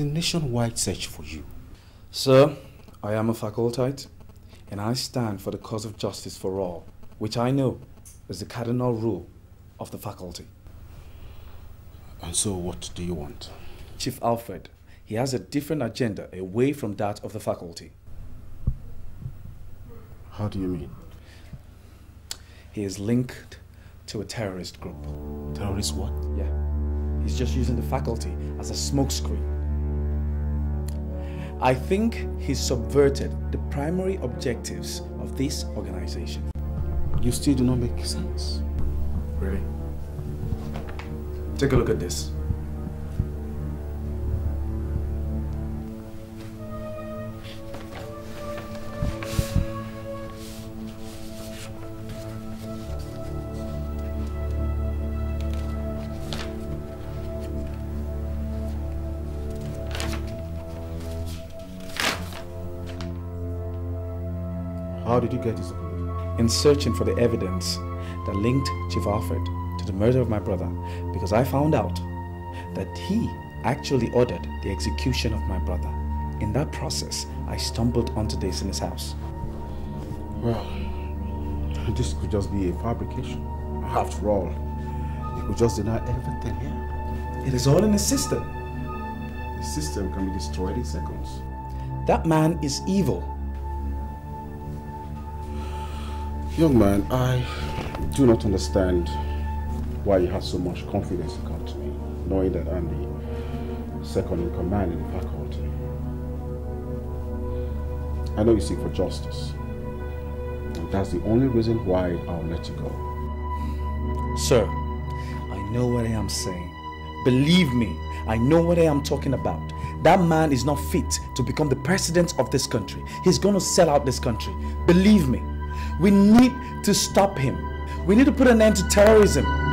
a nationwide search for you. Sir, I am a facultite, and I stand for the cause of justice for all, which I know is the cardinal rule of the faculty. And so what do you want? Chief Alfred, he has a different agenda away from that of the faculty. How do you mean? He is linked to a terrorist group. Terrorist what? Yeah. He's just using the faculty as a smokescreen I think he subverted the primary objectives of this organization. You still do not make sense. Really? Take a look at this. in searching for the evidence that linked Chief Alfred to the murder of my brother because I found out that he actually ordered the execution of my brother. In that process, I stumbled onto this in his house. Well, this could just be a fabrication. After all, he could just deny everything here. It is all in the system. The system can be destroyed in seconds. That man is evil. Young man, I do not understand why you have so much confidence to come to me, knowing that I'm the second in command in the faculty. I know you seek for justice. And that's the only reason why I'll let you go. Sir, I know what I am saying. Believe me, I know what I am talking about. That man is not fit to become the president of this country. He's going to sell out this country. Believe me. We need to stop him. We need to put an end to terrorism.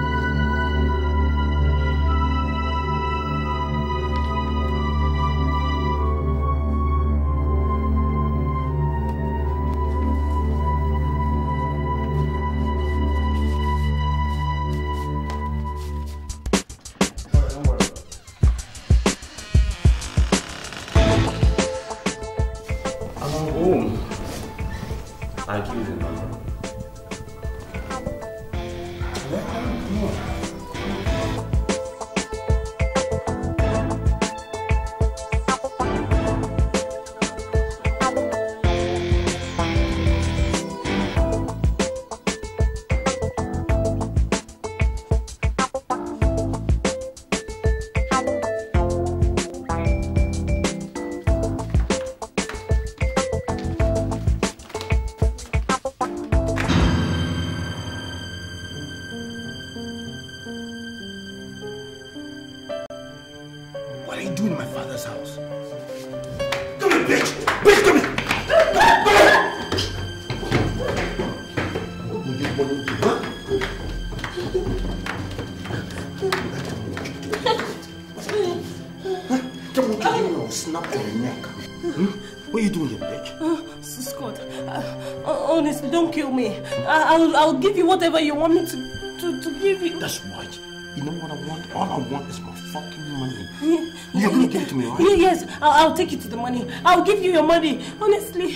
I'll, I'll give you whatever you want me to, to, to give you. That's right. You know what I want? All I want is my fucking money. Yeah. You're gonna give it to me, right? Yeah, yes, I'll, I'll take you to the money. I'll give you your money, honestly.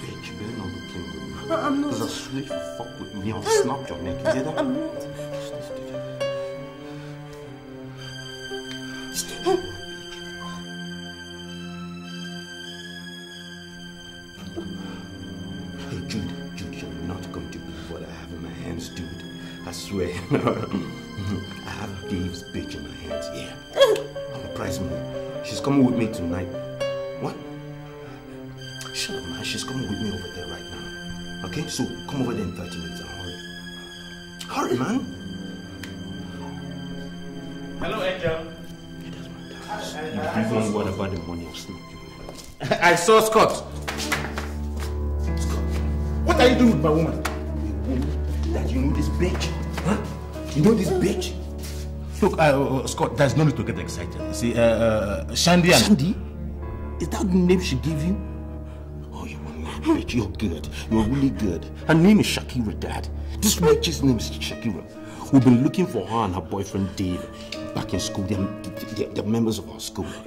Bitch, you better not be playing me. I, am not. Because I swear if you fuck with me, I'll snap your neck. You hear that? I'm not. Just, just, just. (laughs) I have Dave's bitch in my hands, yeah. I'm a prize money. She's coming with me tonight. What? Shut up, man. She's coming with me over there right now. Okay? So come over there in 30 minutes and hurry. Hurry, man. Hello, Angel. It's my dad. You don't worry about the money of snow. (laughs) I saw Scott. Scott. What are you doing with my woman? woman that you know this bitch? You know this bitch? Look, uh, uh, uh, Scott, there's no need to get excited. see, uh, uh, Shandy and... Shandy? Is that the name she gave you? Oh, you are hmm. bitch. You're good. You're really good. Her name is Shakira, Dad. This bitch's name is Shakira. We've been looking for her and her boyfriend, Dave, back in school. They're, they're, they're members of our school. (sighs)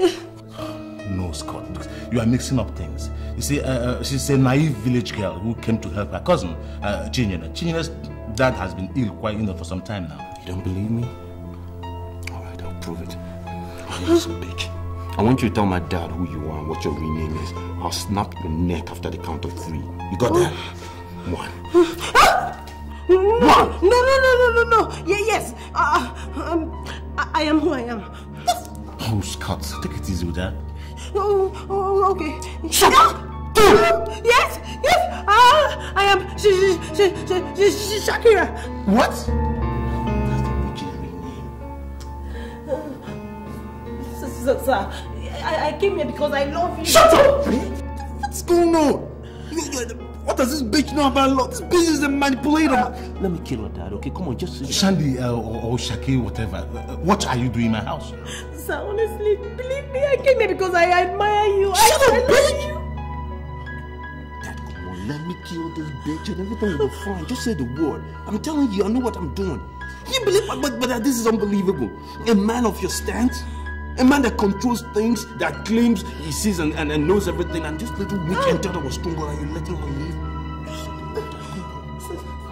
no, Scott, you are mixing up things. You see, uh, uh, she's a naive village girl who came to help her cousin, uh, Chinyana. Chinyana's Dad has been ill quite enough for some time now. You don't believe me? All right, I'll prove it. Listen, bitch. I want you to tell my dad who you are and what your real name is. I'll snap your neck after the count of three. You got that? One. One! No, no, no, no, no, no. Yeah, yes. Uh, uh um, I, I am who I am. Oh, Scott, take it easy with that. Oh, oh okay. Shut up! Yes, yes. I am Sh Sh Sh Sh Sh Sh Shakira. What? That's the name. Sir, sir, sir. I, I came here because I love you. Shut up! What's going on? What does this bitch know about love? This bitch is a manipulator. Uh, let me kill her, Dad, okay? Come on, just... Shandy uh, or, or whatever, uh, what are you doing in my house? Sir, honestly, believe me, I came here because I admire you. Shut I, up, bitch! You. Let me kill this bitch and everything will be fine. Just say the word. I'm telling you, I know what I'm doing. You believe, but, but, but this is unbelievable. A man of your stance, a man that controls things, that claims he sees and, and, and knows everything, and this little witch and entered was stronger and you letting her leave.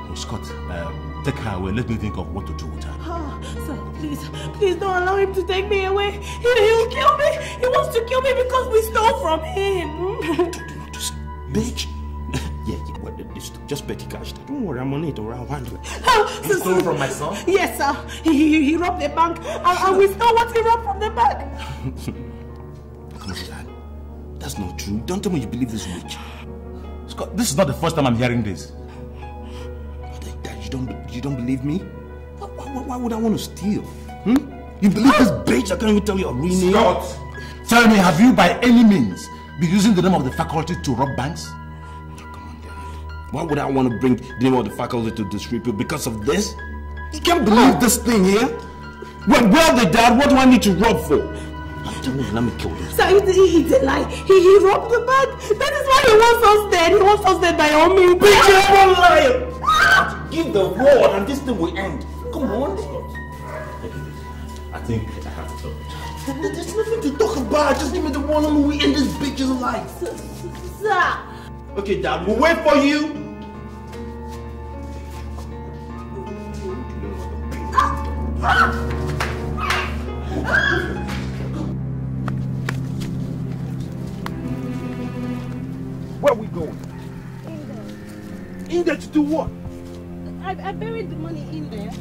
Oh, Scott, uh, take her away. Let me think of what to do with her. Ah, sir, please, please don't allow him to take me away. He, will kill me. He wants to kill me because we stole from him. Don't do bitch. Just petty cash. Don't worry, I'm on it or I'll handle it. (laughs) Oh, he stole from my son? Yes, sir. He, he, he robbed the bank and, and we stole what he robbed from the bank. (laughs) Come on, Dad. That's not true. Don't tell me you believe this witch. Scott, this is not the first time I'm hearing this. Dad, you don't, you don't believe me? Why, why, why would I want to steal? Hmm? You believe this bitch? I can't even tell you a real name. Scott! Tell me, have you by any means been using the name of the faculty to rob banks? Why would I want to bring the name of the faculty to disrepute because of this? You can't believe this thing here. When well they died, what do I need to rob for? Don't let me kill this. So he, he, he like he, he robbed the bank. That is why he wants us dead. He wants us dead by all means. Bitch, liar! Ah! Give the word and this thing will end. Come on. I think I have to talk. There's nothing to talk about. Just give me the one and we end this bitch's life. Sir. Okay, Dad, we'll wait for you. Where are we going? In there. In there to do what? I, I buried the money in there.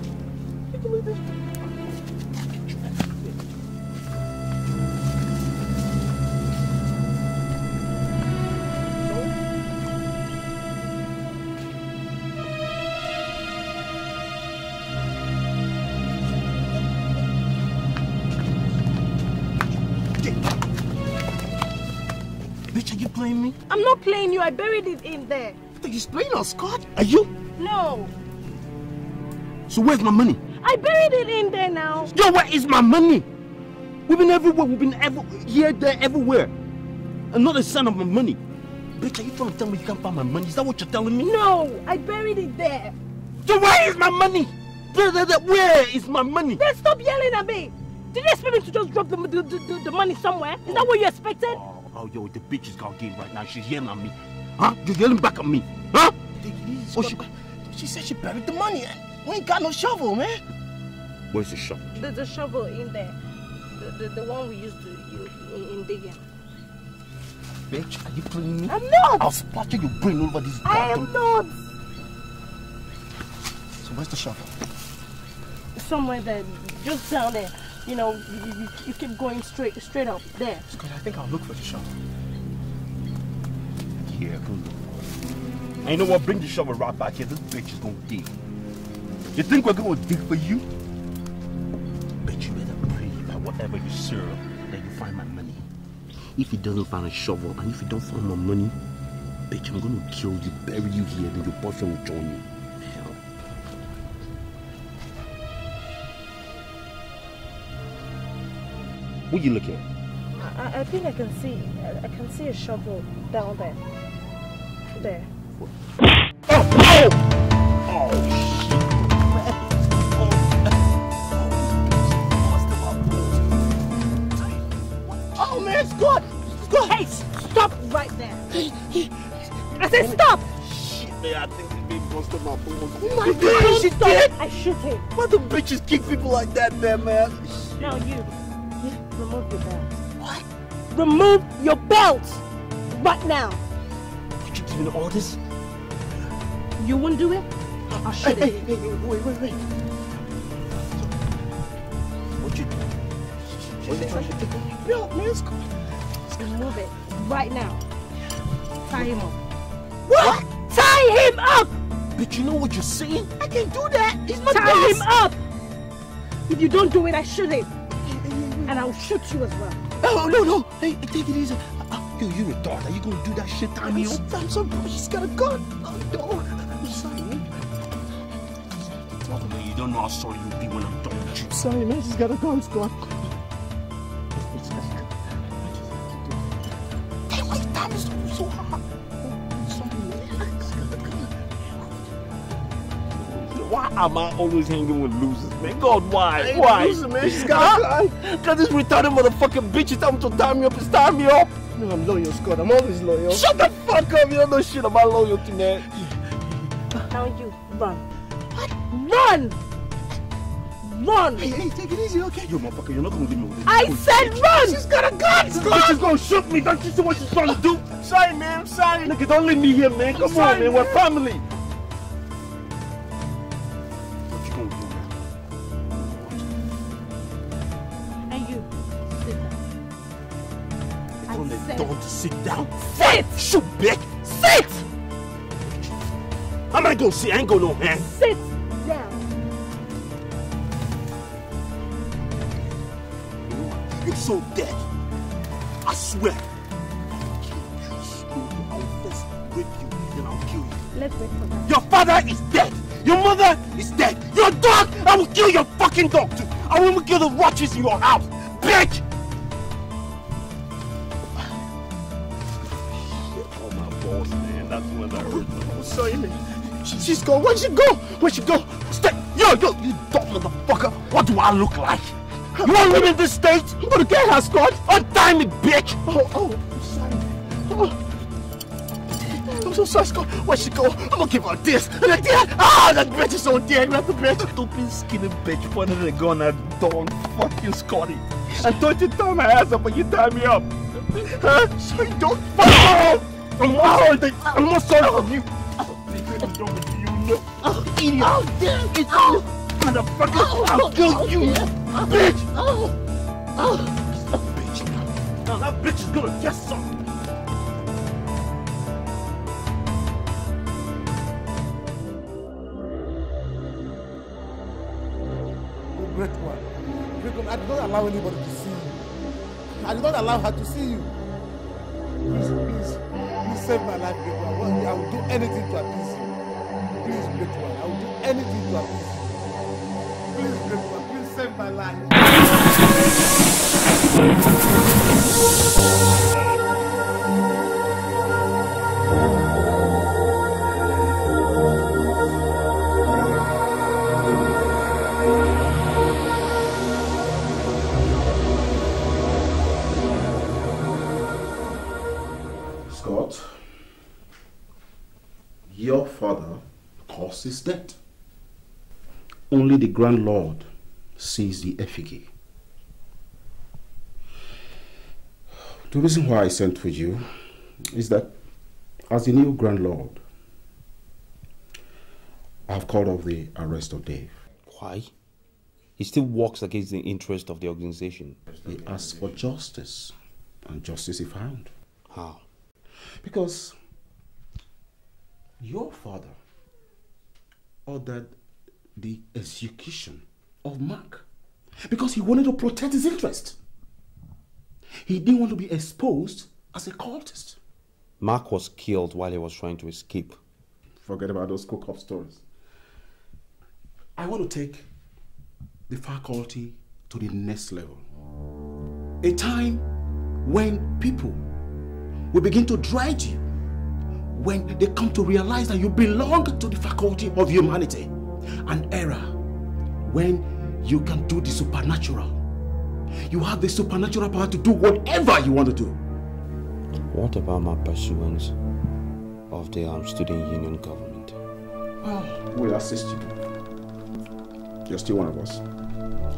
I'm not playing you. I buried it in there. He's playing us, God. Are you? No. So where's my money? I buried it in there now. Yo, where is my money? We've been everywhere. We've been ever here, there, everywhere. And not a son of my money. Bitch, are you trying to tell me you can't find my money? Is that what you're telling me? No, I buried it there. Yo, where is my money? There, Where is my money? Then stop yelling at me. Did you expect me to just drop the, the, the, the money somewhere? Is that what you expected? Oh, yo, the bitch is gonna get right now. She's yelling at me. Huh? You're yelling back at me. Huh? Oh, she, she said oh, she buried the money. Eh? We ain't got no shovel, man. Where's the shovel? There's a shovel in there. The, the, the one we used to use in, digging. Bitch, are you playing me? I'm not! I'll splatter your brain over this I am not! So where's the shovel? Somewhere there, just down there you know, you, you, you keep going straight straight up there. Scott, I think I'll look for the shovel. Yeah, go look And you know what? Bring the shovel right back here. This bitch is gonna dig. You think we're gonna dig for you? Bitch, you better pray that whatever you serve, that you find my money. If you don't find a shovel and if you don't find my money, bitch, I'm gonna kill you, bury you here, then your boyfriend will join you. What you looking at? I, I think I can see, I, I can see a shovel down there. There. Oh! Oh! Oh, shit. Oh man, Scott! Scott! Hey, stop right there! I said stop! Shit, man, I think they busted my balls. Oh my god, she Dead? I shoot him! Why do bitches kick people like that, man, man? Now you remove your belt. What? Remove your belt! Right now! Did you give me orders? You wouldn't do it? I should hey, hey, hey, wait, wait, wait. What you doing? What you trying to do? No your belt, man? It's cool. Remove it right now. Tie him up. What? what? Tie him up! But you know what you're saying? I can't do that. He's my Tie boss. him up! If you don't do it, I shoot him and I'll shoot you as well. Oh, no, no. Hey, take it easy. Yo, you're a daughter. You gonna do that shit to me? I'm so She's got a gun. Oh, no. I'm sorry. Man. You don't know how sorry you'll be when I'm done with you. I'm sorry, man. She's got a gun, squad. Damn wait, time is so hard. am I always hanging with losers, man? God, why? Why? Loser, man. She's got huh? Because this retarded motherfucking bitch is time to tie me up It's tie me up. No, I'm loyal, Scott. I'm always loyal. Shut the fuck up. You don't know shit about loyalty, man. Now you run. What? Run! Run! Hey, hey, take it easy, okay? You motherfucker, you're not gonna leave me with this. I said run! She's got a gun, This bitch gonna shoot me. Don't you see what she's trying to do? Sorry, man. I'm sorry. Look, don't leave me here, man. Come sorry, on, man. man. We're family. Shoo, bitch! Sit! I'm not gonna sit. I ain't go no hand. Sit down. You're so dead. I swear. Let's wait for Your father is dead. Your mother is dead. Your dog, I will kill your fucking dog too. I will kill the roaches in your house, bitch. Simon. She's gone. Where'd she go? Where'd she go? Stay. Yo, yo, you dumb motherfucker. What do I look like? You want to live in this state? But the girl has gone. her squad. Untie bitch. Oh, oh, I'm sorry. Oh. I'm so sorry, Scott. Where'd she go? I'm gonna give her this. And then that. Ah, that bitch is so dead. Grab the bitch. Stupid skinny bitch pointed a gun at Dawn. Fuck you, Scotty. I don't you tie my ass up but you tied me up. Huh? Sorry, don't fuck I'm not sorry. I'm not sorry for you. Oh, idiot. Oh, damn it. Oh, motherfucker. Oh, I'll kill you, bitch. Oh, oh. bitch. Now that bitch is going to get something. Great one. Great one. I did not allow anybody to see you. I did not allow her to see you. Please, please, please save my life, Great one. I will do anything to appease one. I will do anything to appease you. Please, great one, please save my life. Grand Lord sees the effigy. The reason why I sent for you is that as the new Grand Lord, I've called off the arrest of Dave. Why? He still works against the interest of the organization. He asked for justice, and justice he found. How? Because your father ordered the execution of Mark because he wanted to protect his interest. He didn't want to be exposed as a cultist. Mark was killed while he was trying to escape. Forget about those cook-up stories. I want to take the faculty to the next level. A time when people will begin to dread you when they come to realize that you belong to the faculty of humanity an era when you can do the supernatural. You have the supernatural power to do whatever you want to do. What about my pursuance of the um, student union government? Well, we'll assist you. You're still one of us.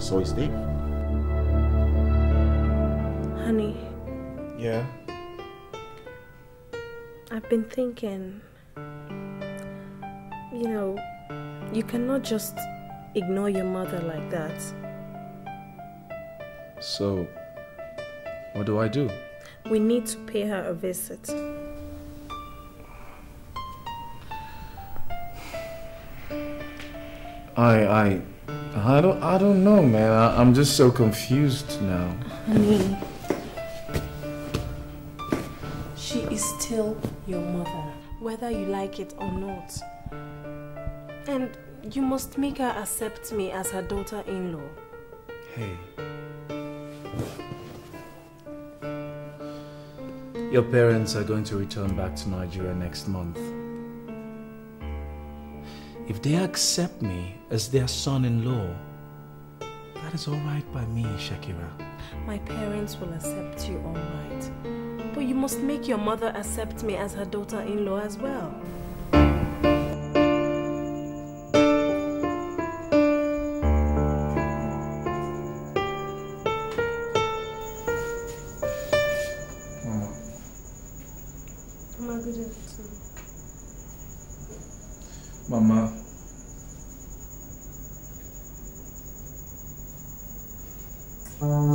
So is Dave. Honey. Yeah? I've been thinking, you know, you cannot just ignore your mother like that. So, what do I do? We need to pay her a visit. I, I, I don't, I don't know, man. I, am just so confused now. Honey, she is still your mother, whether you like it or not. And you must make her accept me as her daughter-in-law. Hey. Your parents are going to return back to Nigeria next month. If they accept me as their son-in-law, that is alright by me, Shakira. My parents will accept you alright. But you must make your mother accept me as her daughter-in-law as well. Mama. Mama,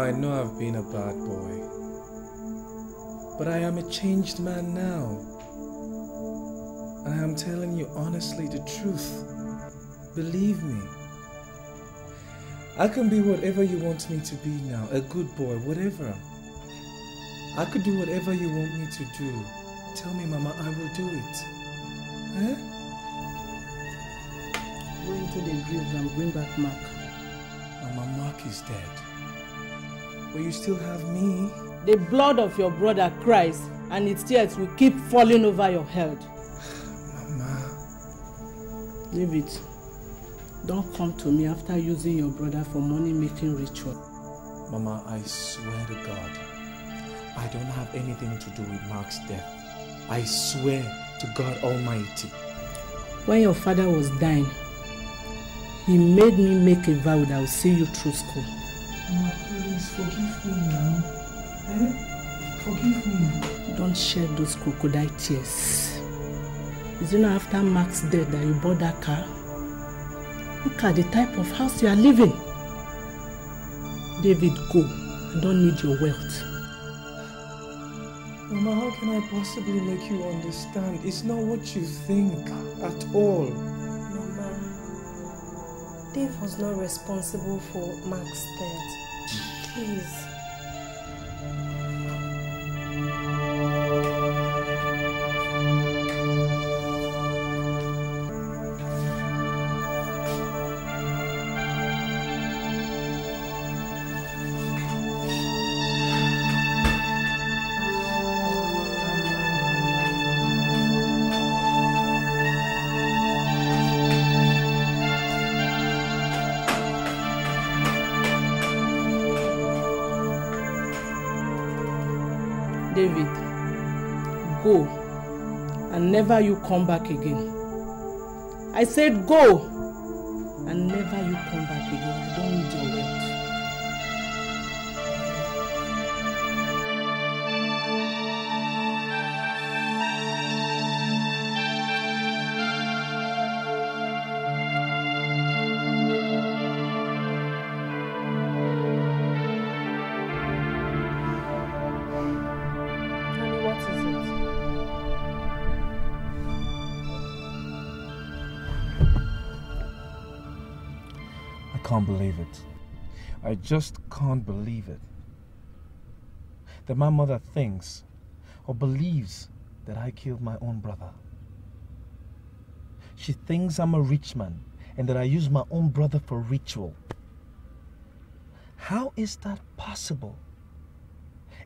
I know I've been a bad boy, but I am a changed man now. I am telling you honestly the truth. Believe me. I can be whatever you want me to be now, a good boy, whatever. I could do whatever you want me to do. Tell me, Mama, I will do it. Eh? Go into the grave and bring back Mark. Mama, Mark is dead. But you still have me. The blood of your brother cries, and its tears will keep falling over your head. (sighs) Mama. Leave it. Don't come to me after using your brother for money-making ritual. Mama, I swear to God, I don't have anything to do with Mark's death. I swear to God Almighty. When your father was dying, he made me make a vow that I will see you through school. Mama, please forgive me now. Eh? Forgive me. Don't shed those crocodile tears. Is it not after Mark's death that you bought that car? Look at the type of house you are living. David, go. I don't need your wealth. Mama, how can I possibly make you understand? It's not what you think at all. Mama, Dave was not responsible for Mark's death. Please. Never you come back again. I said, Go can't believe it. I just can't believe it. That my mother thinks or believes that I killed my own brother. She thinks I'm a rich man and that I use my own brother for ritual. How is that possible?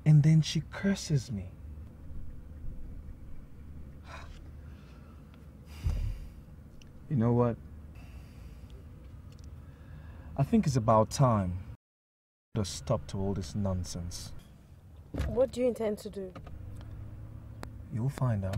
And then she curses me. You know what? I think it's about time. to stop to all this nonsense. What do you intend to do? You'll find out.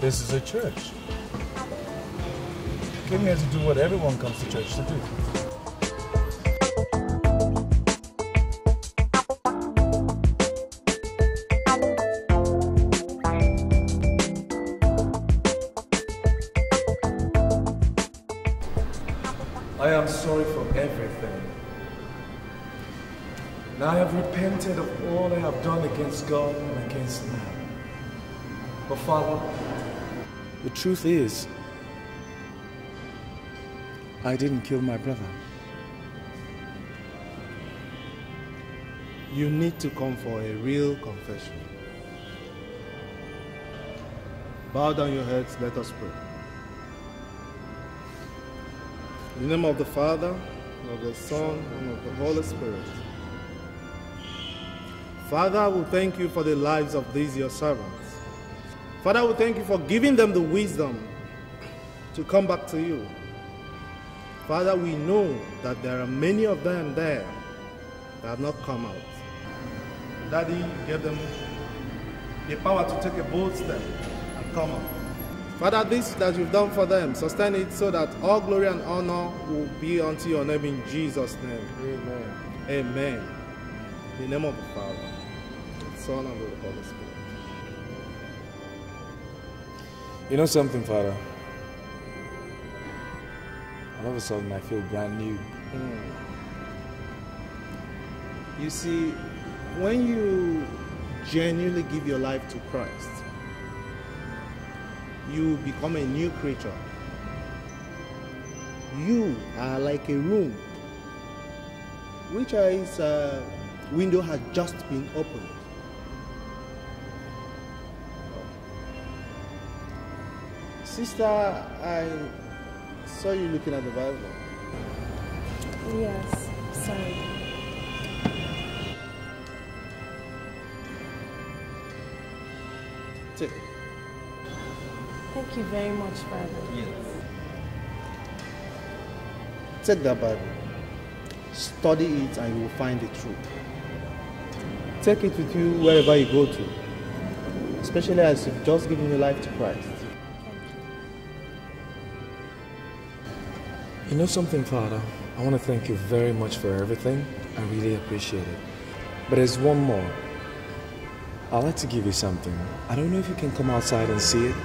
This is a church. Came here to do what everyone comes to church to do. I am sorry for everything. Now I have repented of all I have done against God and against man. But Father, the truth is, I didn't kill my brother. You need to come for a real confession. Bow down your heads, let us pray. In the name of the Father, and of the Son, and of the Holy Spirit. Father, we thank you for the lives of these your servants. Father, we thank you for giving them the wisdom to come back to you. Father, we know that there are many of them there that have not come out. Daddy, give them the power to take a bold step and come out. Father, this that you've done for them, sustain it so that all glory and honor will be unto your name in Jesus' name. Amen. Amen. In the name of the Father, the Son, and the Holy Spirit. You know something, Father? all of a sudden I feel brand new. Mm. You see, when you genuinely give your life to Christ, you become a new creature. You are like a room which is a uh, window has just been opened. Sister, I saw you looking at the Bible. Yes, sorry. Take it. Thank you very much, Father. Yes. Take that Bible. Study it and you will find the truth. Take it with you wherever you go to, especially as you've just given your life to Christ. You know something, Father? I want to thank you very much for everything. I really appreciate it. But there's one more. I'd like to give you something. I don't know if you can come outside and see it,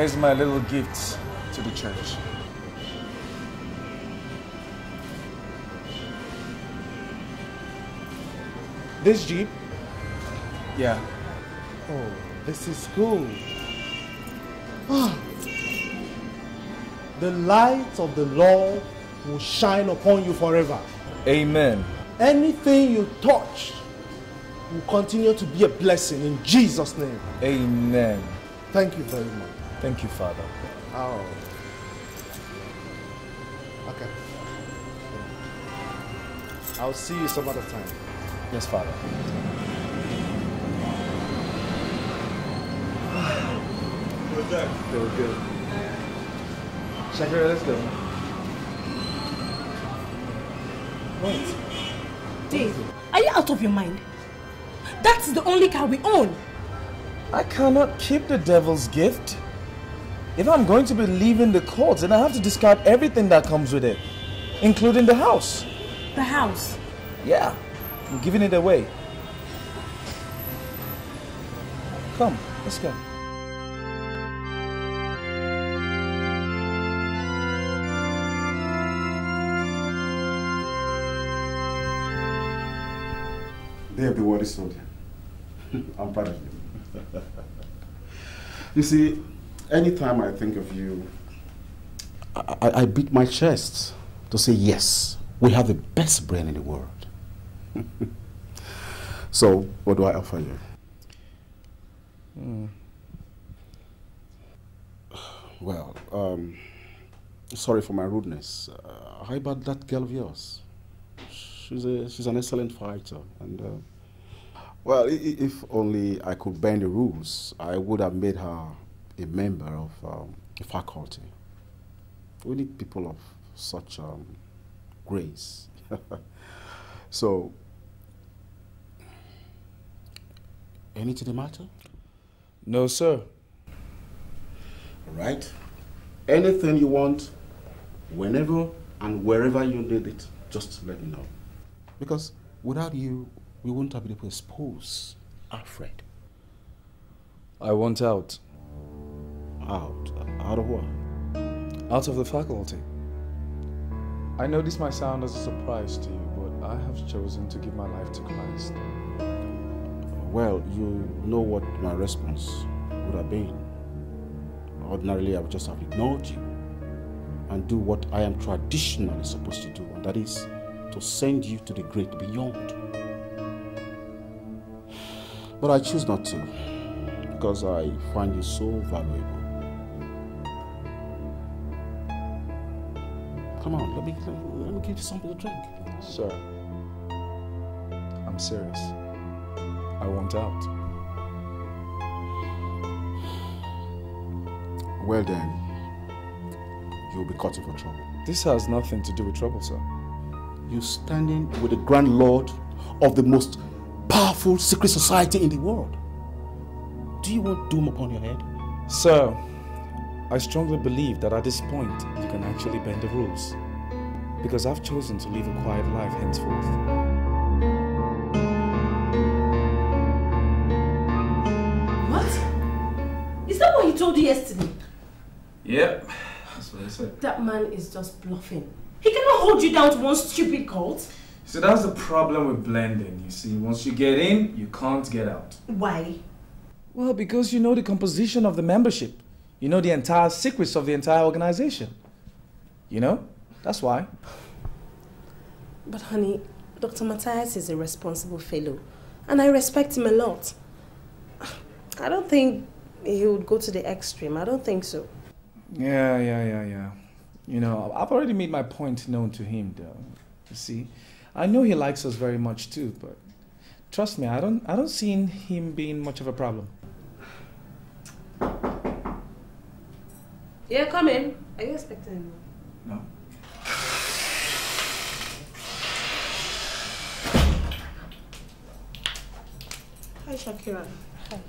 Here's my little gift to the church. This Jeep? Yeah. Oh, this is cool. Ah. the light of the Lord will shine upon you forever. Amen. Anything you touch will continue to be a blessing in Jesus' name. Amen. Thank you very much. Thank you, Father. Oh. Okay. I'll see you some other time. Yes, Father. What's that? They were good. Shakira, let's go. Wait. Dave, are you out of your mind? That's the only car we own. I cannot keep the devil's gift. If I'm going to be leaving the courts, then I have to discard everything that comes with it, including the house. The house? Yeah, I'm giving it away. Come, let's go. They have the word is soldier. I'm proud of you. (laughs) you see, anytime I think of you, I, I beat my chest to say, yes, we have the best brain in the world. (laughs) so, what do I offer you? Mm. (sighs) Well, um, sorry for my rudeness. Uh, how about that girl of yours? She's, a, she's an excellent fighter. And, uh, well, if only I could bend the rules, I would have made her a member of um, a faculty. We need people of such um, grace. (laughs) so, anything to the matter? No, sir. All right. Anything you want, whenever and wherever you need it, just let me know. Because without you, we will not have been able to expose Alfred. I want out out. Uh, out of what? Out of the faculty. I know this might sound as a surprise to you, but I have chosen to give my life to Christ. Well, you know what my response would have been. Ordinarily, I would just have ignored you and do what I am traditionally supposed to do, and that is to send you to the great beyond. But I choose not to because I find you so valuable. Come on, let me let me get you something to drink. Sir, I'm serious. I want out. Well then, you'll be caught for trouble. This has nothing to do with trouble, sir. You're standing with the Grand Lord of the most powerful secret society in the world. Do you want doom upon your head? Sir, I strongly believe that at this point, you can actually bend the rules. Because I've chosen to live a quiet life henceforth. What? Is that told you yesterday. Yep, that's what I said. That man is just bluffing. He cannot hold you down to one stupid cult. So that's the problem with blending, you see. Once you get in, you can't get out. Why? Well, because you know the composition of the membership. You know the entire secrets of the entire organization. You know? That's why. But honey, Dr. Matthias is a responsible fellow, and I respect him a lot. I don't think he would go to the extreme. I don't think so. Yeah, yeah, yeah, yeah. You know, I've already made my point known to him, though. You see, I know he likes us very much too, but trust me, I don't, I don't see him being much of a problem. Yeah, come in. Are you expecting him? No. Hi, Shakira. Hi.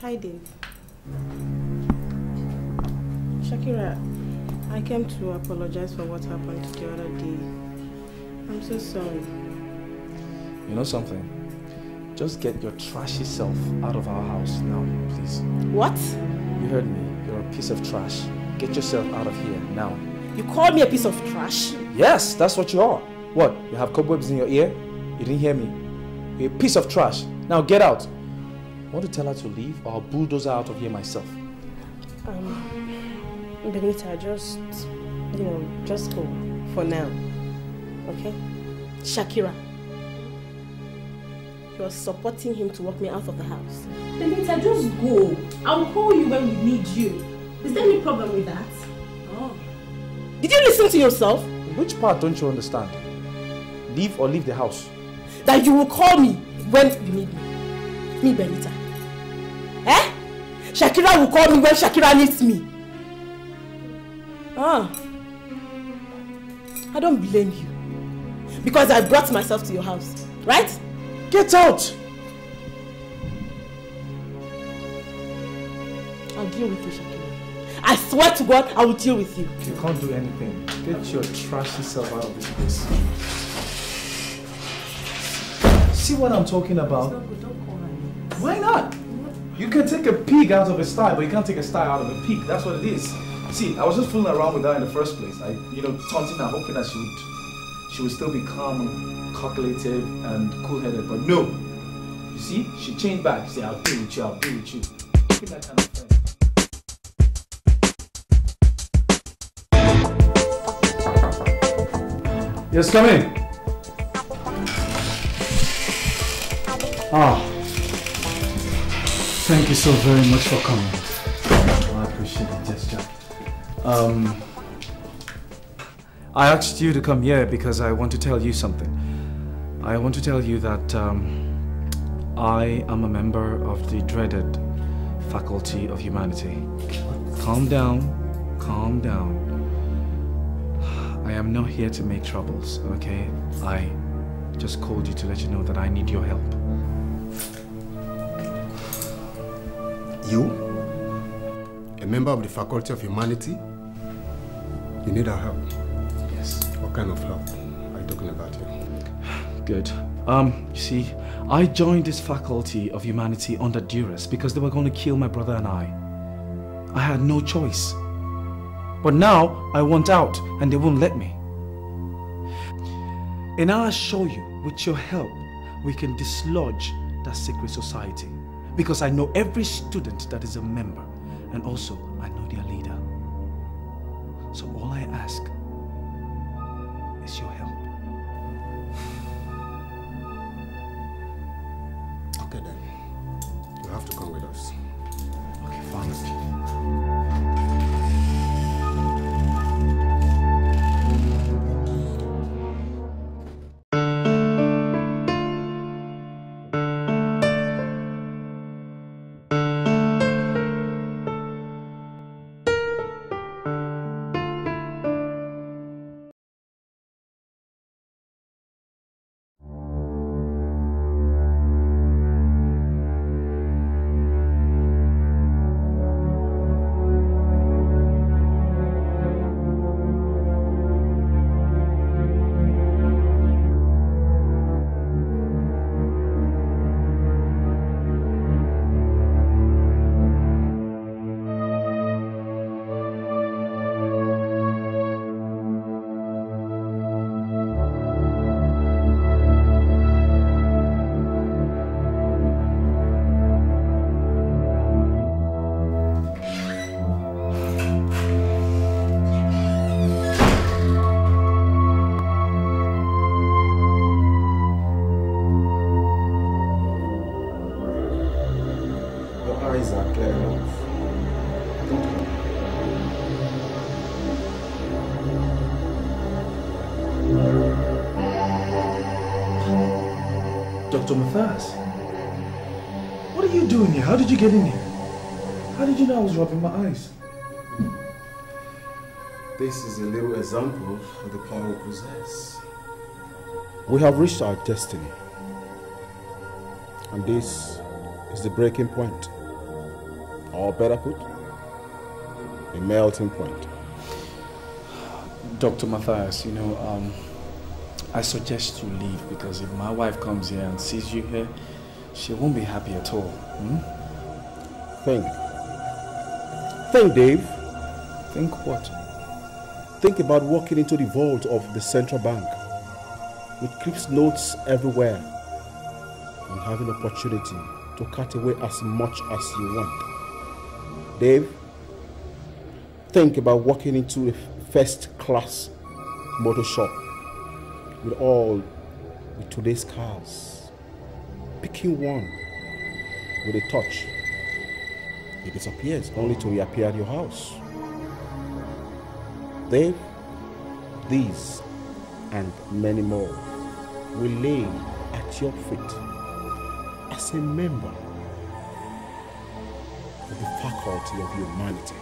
Hi, Dave. Shakira, I came to apologize for what happened the other day. I'm so sorry. You know something? Just get your trashy self out of our house now, please. What? You heard me. You're a piece of trash. Get yourself out of here now. You call me a piece of trash? Yes, that's what you are. What? You have cobwebs in your ear? You didn't hear me. You're a piece of trash. Now get out. I want to tell her to leave or I'll bulldoze her out of here myself. Um, Benita, just, you know, just go for now. Okay? Shakira, you're supporting him to walk me out of the house. Benita, just go. I'll call you when we need you. Is there any problem with that? Oh. Did you listen to yourself? Which part don't you understand? Leave or leave the house. That you will call me when you need me. Me, Benita. Eh? Shakira will call me when Shakira needs me. Ah. I don't blame you. Because I brought myself to your house. Right? Get out! I'll deal with you, Shakira. I swear to God, I will deal with you. You can't do anything. Get your trashy self out of this place. See what I'm talking about? Why not? You can take a pig out of a sty, but you can't take a sty out of a pig. That's what it is. See, I was just fooling around with her in the first place. I, you know, taunting her, hoping that she would, she would still be calm and calculative and cool-headed. But no, you see, she changed back. She said, I'll deal with you, I'll deal with you. that kind of Yes, come in. Ah. Thank you so very much for coming. I appreciate the gesture. Um, I asked you to come here because I want to tell you something. I want to tell you that um, I am a member of the dreaded Faculty of Humanity. Calm down, calm down. I am not here to make troubles, okay? I just called you to let you know that I need your help. You? A member of the Faculty of Humanity? You need our help? Yes. What kind of help are you talking about here? Good. Um, you see, I joined this Faculty of Humanity under duress because they were going to kill my brother and I. I had no choice. But now I want out and they won't let me. And i assure you, with your help, we can dislodge that secret society. Because I know every student that is a member and also an Pastor Matthias. What are you doing here? How did you get in here? How did you know I was rubbing my eyes? This is a little example of the power we possess. We have reached our destiny. And this is the breaking point. Or better put, the melting point. Dr. Matthias, you know, um, I suggest you leave because if my wife comes here and sees you here, she won't be happy at all. Hmm? Think. Think, Dave. Think what? Think about walking into the vault of the central bank with crisp notes everywhere and having opportunity to cut away as much as you want. Dave, think about walking into a first class motor shop with all with today's cars. Picking one with a touch, it disappears only to reappear at your house. They, these, and many more will lay at your feet as a member of the faculty of humanity.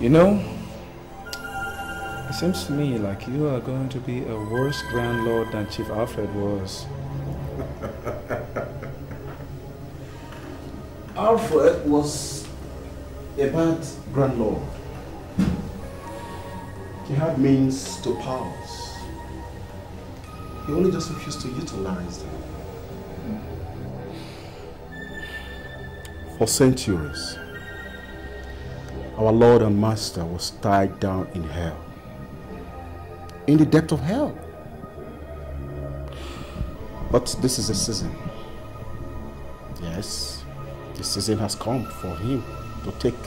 You know, it seems to me like you are going to be a worse Grand Lord than Chief Alfred was. (laughs) Alfred was a bad Grand Lord. He had means to powers. He only just refused to utilize them. For centuries, our Lord and Master was tied down in hell in the depth of hell. But this is a season. Yes, the season has come for him to take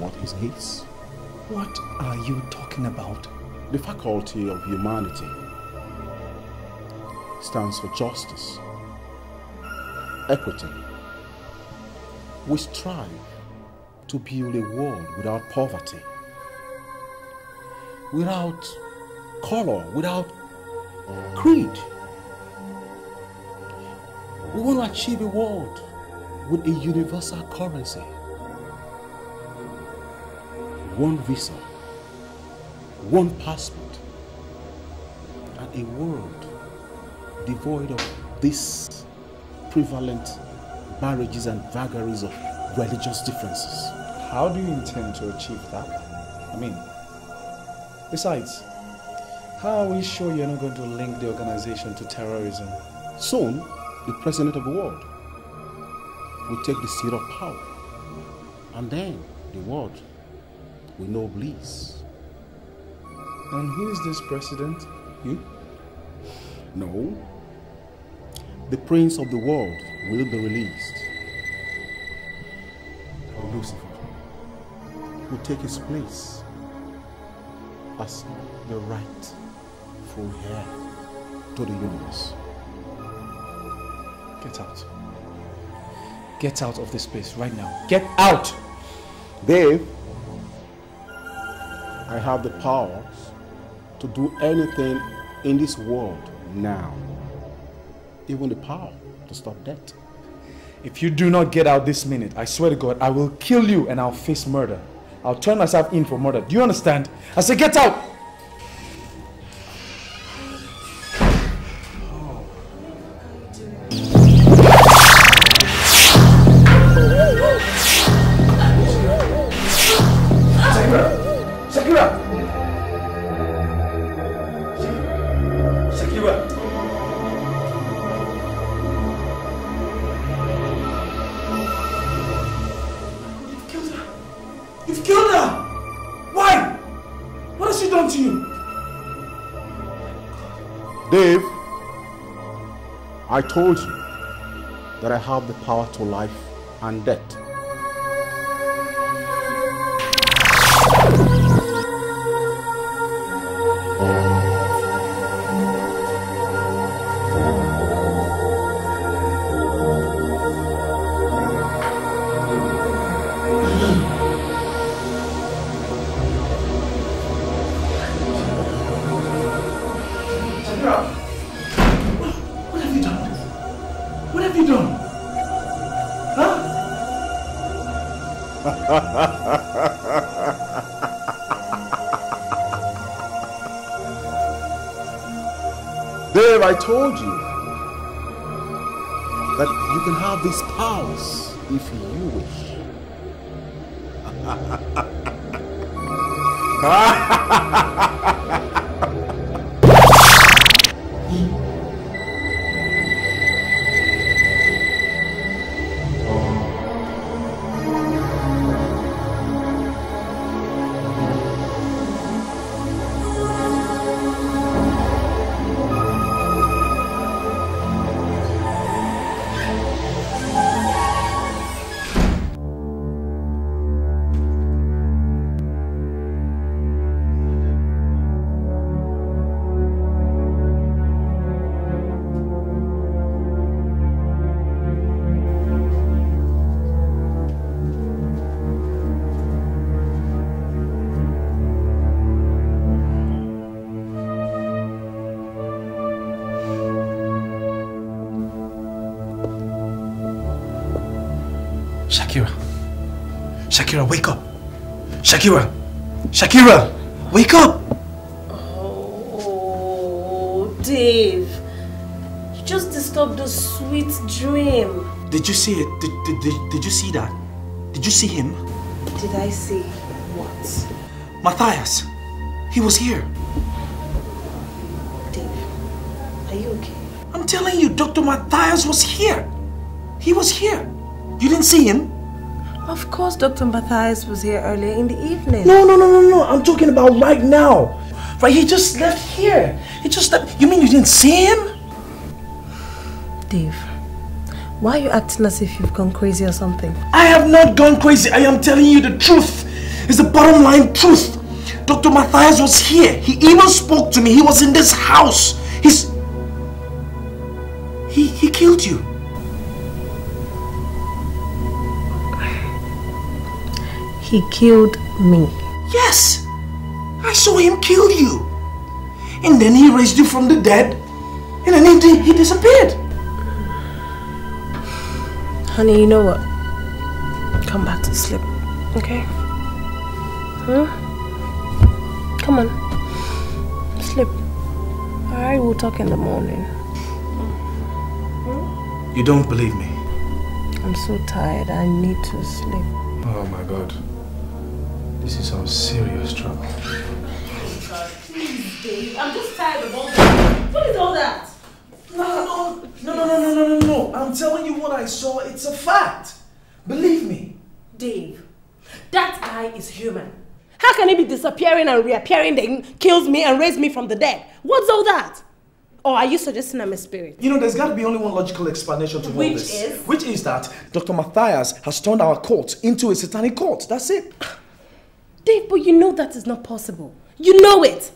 what is his. What are you talking about? The faculty of humanity stands for justice, equity. We strive to build a world without poverty, without color, without creed. We want to achieve a world with a universal currency. One visa, one passport, and a world devoid of these prevalent marriages and vagaries of religious differences. How do you intend to achieve that? I mean, besides, how are we sure you're not going to link the organization to terrorism? Soon, the president of the world will take the seat of power. And then the world will know bliss. And who is this president? You? No. The prince of the world will be released. Lucifer will take his place as the right from here to the universe. Get out. Get out of this place right now. Get out! Dave, I have the power to do anything in this world now. Even the power to stop that. If you do not get out this minute, I swear to God, I will kill you and I'll face murder. I'll turn myself in for murder. Do you understand? I say, get out! told you that I have the power to life and death. I told you that you can have these powers if you wish. (laughs) Ah! Shakira! Shakira! Wake up! Oh, Dave. You just disturbed the sweet dream. Did you see it? Did, did, did, did you see that? Did you see him? Did I see what? Matthias! He was here. Dave, are you okay? I'm telling you, Dr. Matthias was here. He was here. You didn't see him? Of course Dr. Matthias was here earlier in the evening. No, no, no, no, no. I'm talking about right now. Right, he just left here. He just left. You mean you didn't see him? Dave, why are you acting as if you've gone crazy or something? I have not gone crazy. I am telling you the truth. It's the bottom line truth. Dr. Matthias was here. He even spoke to me. He was in this house. He's... He, he killed you. He killed me. Yes! I saw him kill you. And then he raised you from the dead. And then he, he disappeared. Honey, you know what? Come back to sleep, okay? Huh? Come on. Sleep. Alright, we'll talk in the morning. You don't believe me? I'm so tired. I need to sleep. Oh my god. This is some serious trouble. God, please, Dave. I'm just tired of all that. What is all that? No, no, no, no, no, no, no, no. I'm telling you what I saw. It's a fact. Believe me. Dave, that guy is human. How can he be disappearing and reappearing then kills me and raises me from the dead? What's all that? Or oh, are you suggesting I'm a spirit? You know, there's got to be only one logical explanation to Which all this. Which is? Which is that Dr. Matthias has turned our court into a satanic court. That's it. (laughs) Dave, but you know that is not possible. You know it.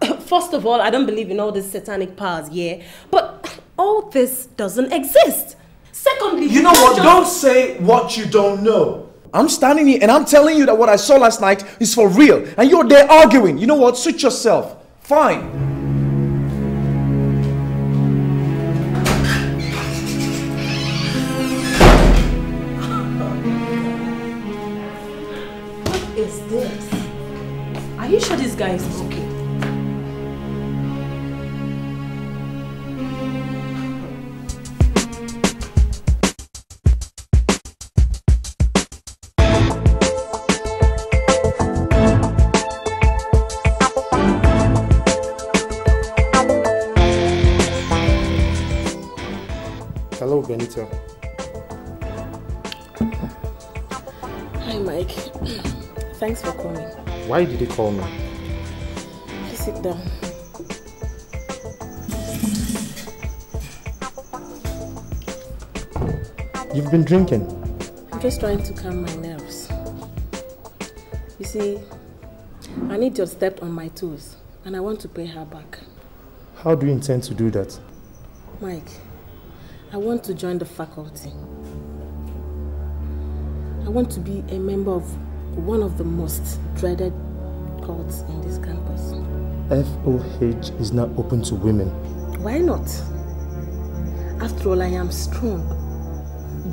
(clears throat) First of all, I don't believe in all these satanic powers, yeah? But (clears throat) all this doesn't exist. Secondly, you, know what? Just... Don't say what you don't know. I'm standing here and I'm telling you that what I saw last night is for real. And you're there arguing. You know what? Suit yourself. Fine. guys. okay. Hello, Benito. Hi, Mike. (clears throat) Thanks for calling. Why did you call me? You've been drinking? I'm just trying to calm my nerves. You see, an idiot stepped on my toes and I want to pay her back. How do you intend to do that? Mike, I want to join the faculty. I want to be a member of one of the most dreaded cults in this campus. FOH is not open to women. Why not? After all, I am strong,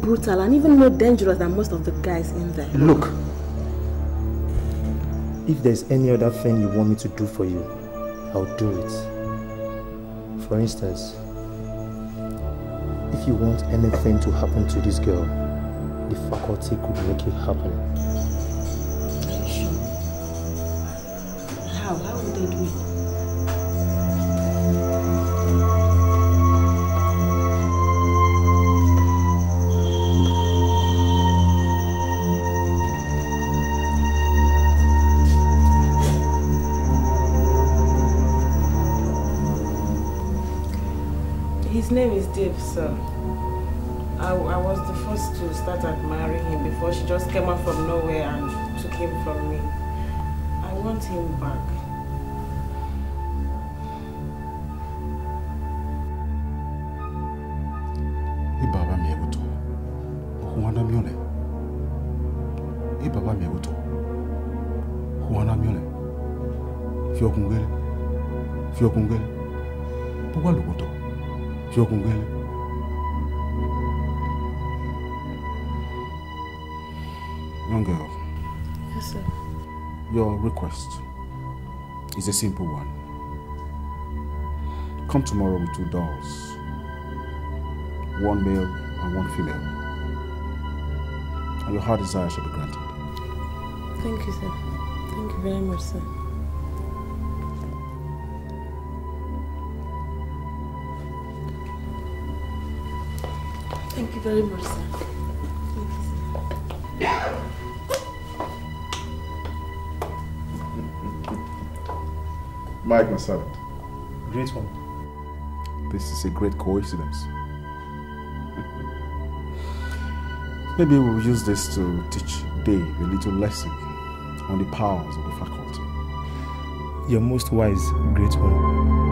brutal, and even more dangerous than most of the guys in there. Look, if there's any other thing you want me to do for you, I'll do it. For instance, if you want anything to happen to this girl, the faculty could make it happen. Sure. How? How would they do it? His name is Dave, sir. I, I was the first to start admiring him before she just came out from nowhere and took him from me. I want him back. Ị baba mi ewuto. Young girl. Yes, sir. Your request is a simple one. Come tomorrow with two dolls. One male and one female. And your heart desire shall be granted. Thank you, sir. Thank you very much, sir. very much, sir. Mike, my servant. Great one. This is a great coincidence. Maybe we'll use this to teach Dave a little lesson on the powers of the faculty. You're most wise, great one.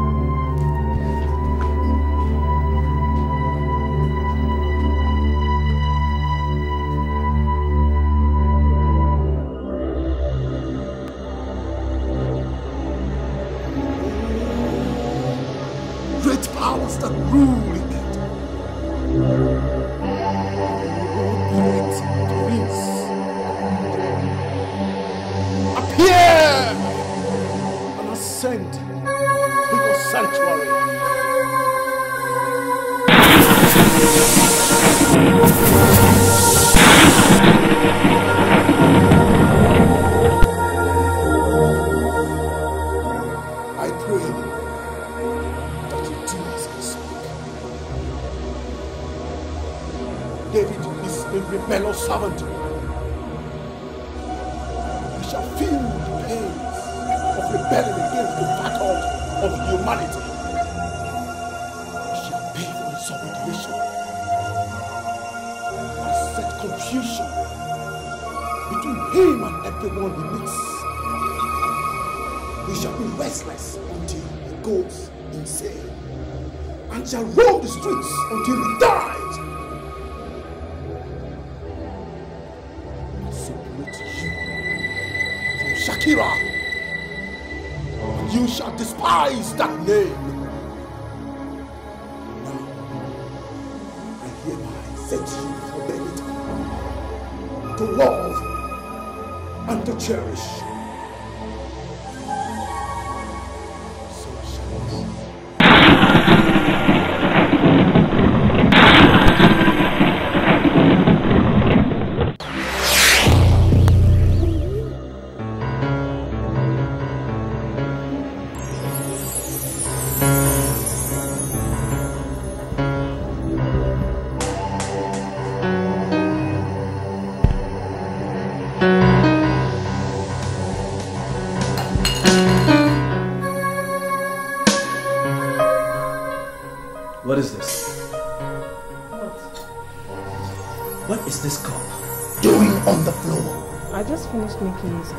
please.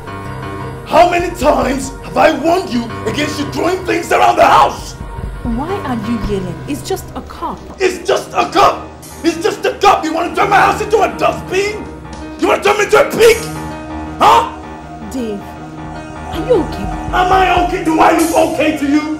How many times have I warned you against you throwing things around the house? Why are you yelling? It's just a cup. It's just a cup! It's just a cup! You want to turn my house into a dustbin? You want to turn me into a pig? Huh? Dave, are you okay? Am I okay? Do I look okay to you?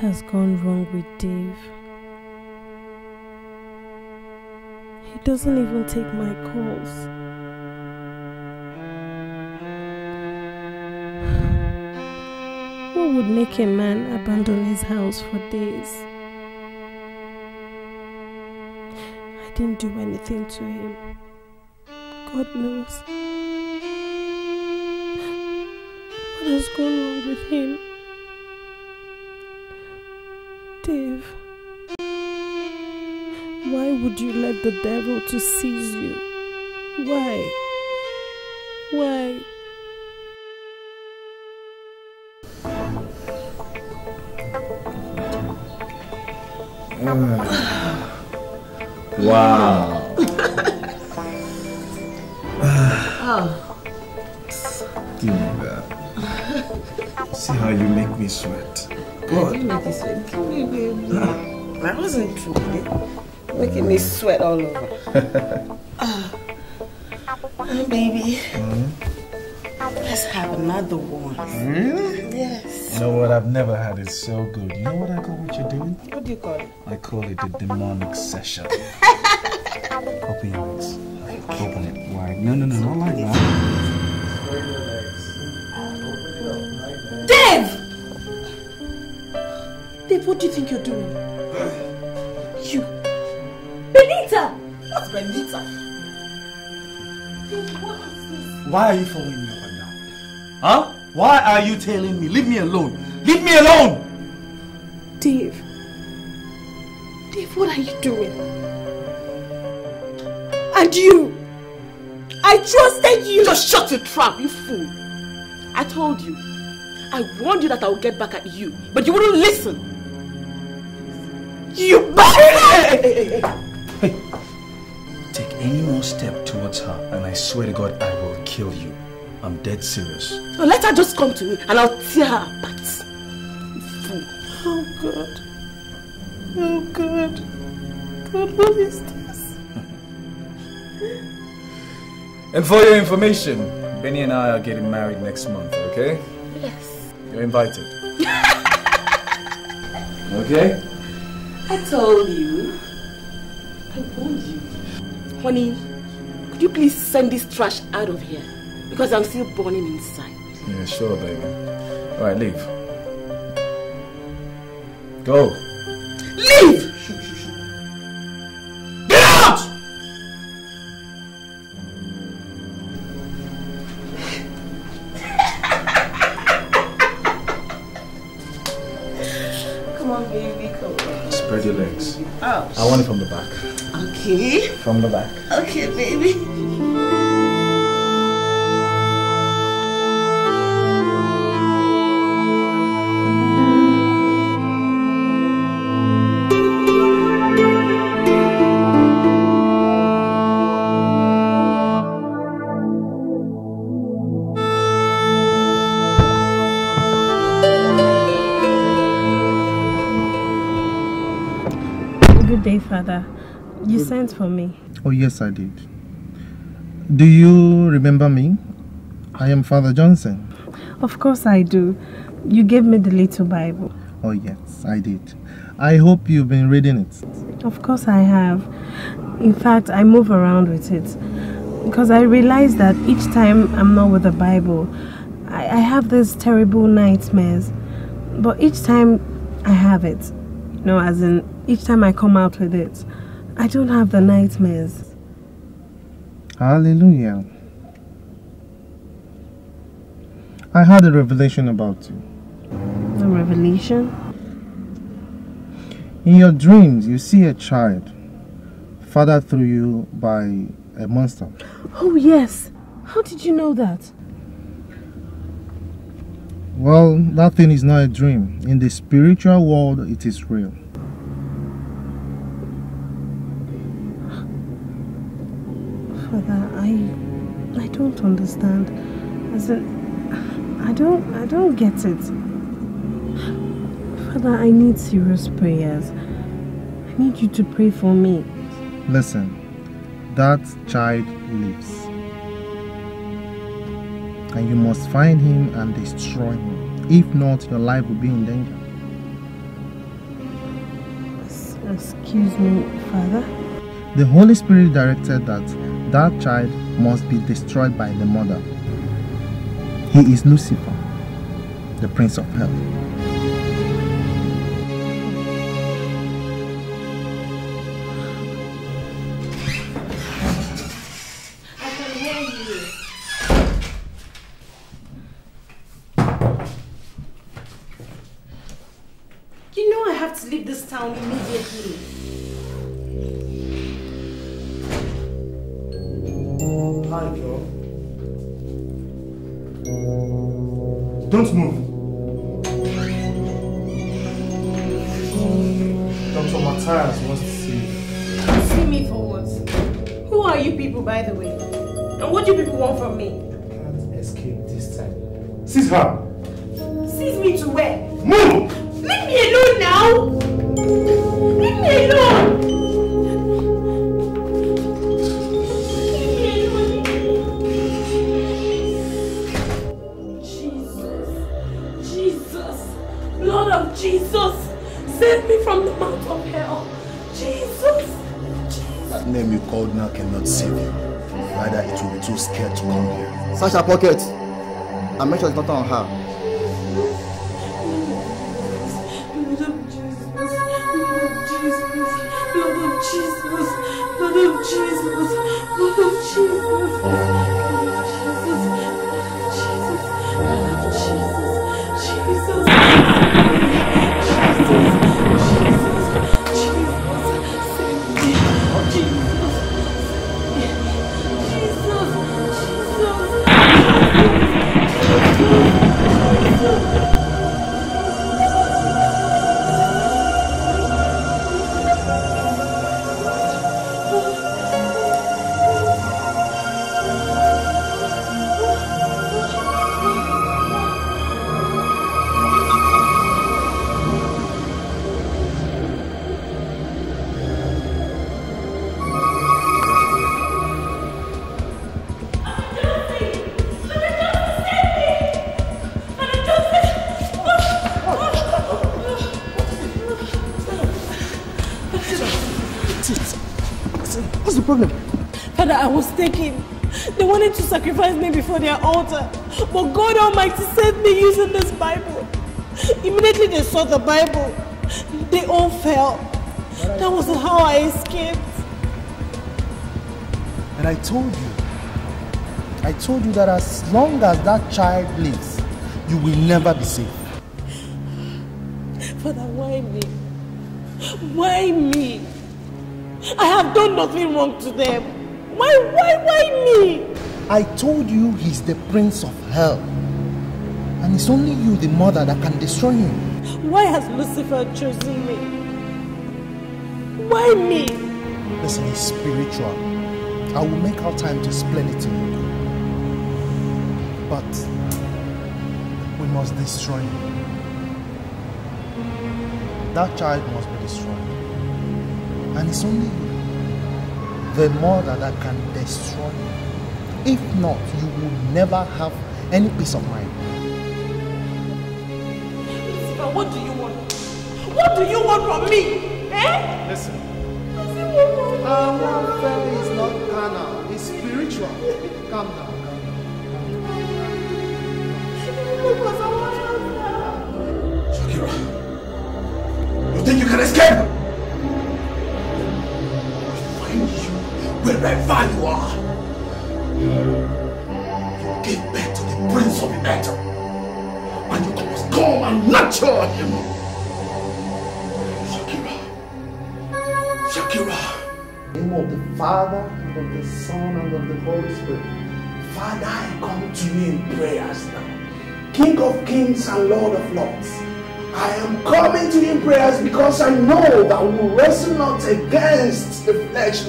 has gone wrong with Dave? He doesn't even take my calls. What would make a man abandon his house for days? I didn't do anything to him. God knows. What has gone wrong with him? Dave, why would you let the devil to seize you? Why? Why? Mm. (sighs) wow. (sighs) (sighs) Give me that. See how you make me sweat. God. That wasn't true. Babe. Making me sweat all over. oh. (laughs) baby. Mm. Let's have another one. Really? Yes. You know what? I've never had it so good. You know what I call what you're doing? What do you call it? I call it the demonic session. (laughs) Open your eyes. Open it wide. No, no, no, not like that. What do you think you're doing? (sighs) you. Benita! What's Benita? Why are you following me and now? Huh? Why are you telling me? Leave me alone. Leave me alone! Dave. Dave, what are you doing? And you! I trusted you! Just shut your trap, you fool! I told you. I warned you that I would get back at you, but you wouldn't listen. You bastard! Hey, hey, hey, hey, Take any more step towards her and I swear to God I will kill you. I'm dead serious. So let her just come to me and I'll tear her apart. Fool. Oh God. Oh God. God, what is this? (laughs) and for your information, Benny and I are getting married next month, okay? Yes. You're invited. (laughs) okay? I told you. I warned you. Honey, could you please send this trash out of here? Because I'm still burning inside. Yeah, sure, baby. All right, leave. Go. Leave! I want it from the back. Okay. From the back. Okay, baby. for me. Oh, yes, I did. Do you remember me? I am Father Johnson. Of course I do. You gave me the little Bible. Oh, yes, I did. I hope you've been reading it. Of course I have. In fact, I move around with it. Because I realize that each time I'm not with the Bible, I, I have these terrible nightmares. But each time I have it, you know, as in each time I come out with it, I don't have the nightmares. Hallelujah. I had a revelation about you. A revelation? In your dreams, you see a child fathered through you by a monster. Oh, yes. How did you know that? Well, that thing is not a dream. In the spiritual world, it is real. understand. As in, I don't, I don't get it. Father, I need serious prayers. I need you to pray for me. Listen, that child lives. And you must find him and destroy him. If not, your life will be in danger. Excuse me, Father? The Holy Spirit directed that that child must be destroyed by the mother. He is Lucifer, the prince of hell. for their altar. But God Almighty sent me using this Bible. Immediately they saw the Bible, they all fell. That was how I escaped. And I told you, I told you that as long as that child lives, you will never be safe. Father, why me? Why me? I have done nothing wrong to them. Why, why, why me? I told you he's the prince of hell. And it's only you, the mother, that can destroy him. Why has Lucifer chosen me? Why me? Listen, he's spiritual. I will make our time to explain it to you. But we must destroy him. That child must be destroyed. And it's only you, the mother, that can destroy him. If not, you will never have any peace of mind. Lucifer, what do you want? What do you want from me? Eh? Listen. Our warfare is not carnal, it's spiritual. Calm down. Shakira, you think you can escape? i find you wherever you are. Give birth to the prince of the earth. And you must come and nurture him. Shakira. Shakira. In the name of the Father, and of the Son, and of the Holy Spirit. Father, I come to you in prayers now. King of kings and Lord of lords. I am coming to you in prayers because I know that we wrestle not against the flesh,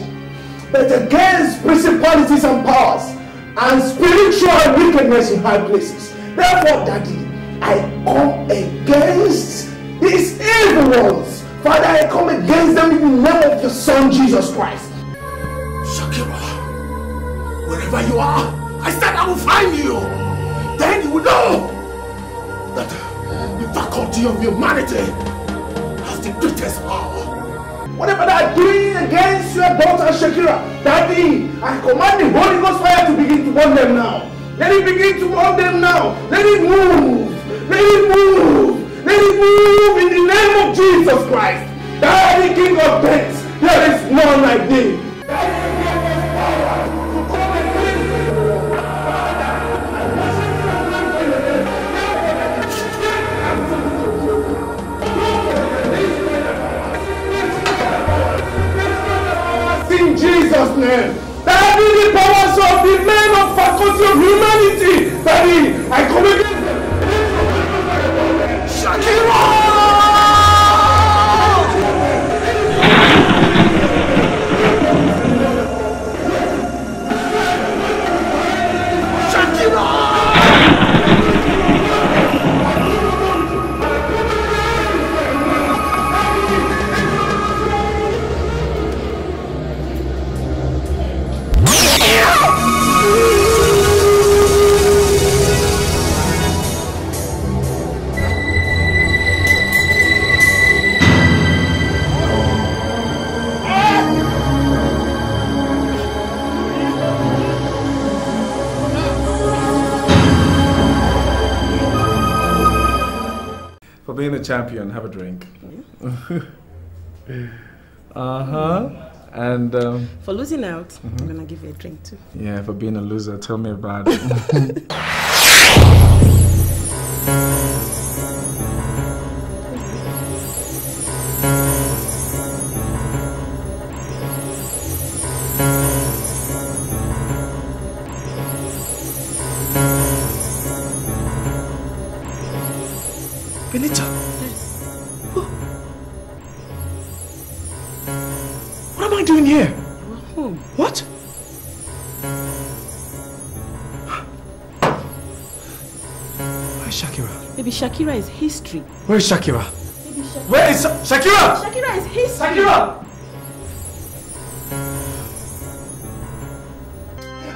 but against principalities and powers and spiritual wickedness in high places. Therefore, Daddy, I come against these evil ones. Father, I come against them in the name of the Son, Jesus Christ. Shakira, wherever you are, I said I will find you. Then you will know that the faculty of humanity has the greatest power. Whatever they are doing against your daughter Shakira, Daddy, I command the Holy Ghost fire to begin to burn them now. Let it begin to burn them now. Let it move. Let it move. Let it move in the name of Jesus Christ. Daddy, King of Death, there is none like thee. Jesus' name. That the powers of the man of faculty of humanity. Daddy, I communicate. Shakira! being a champion. Have a drink. uh huh. And um, for losing out, mm -hmm. I'm mm-hmm. gonna give you a drink too. Yeah, for being a loser. Tell me about it. (laughs) is history. Where is Shakira? Shakira. Where is Shakira? Shakira is history. Shakira!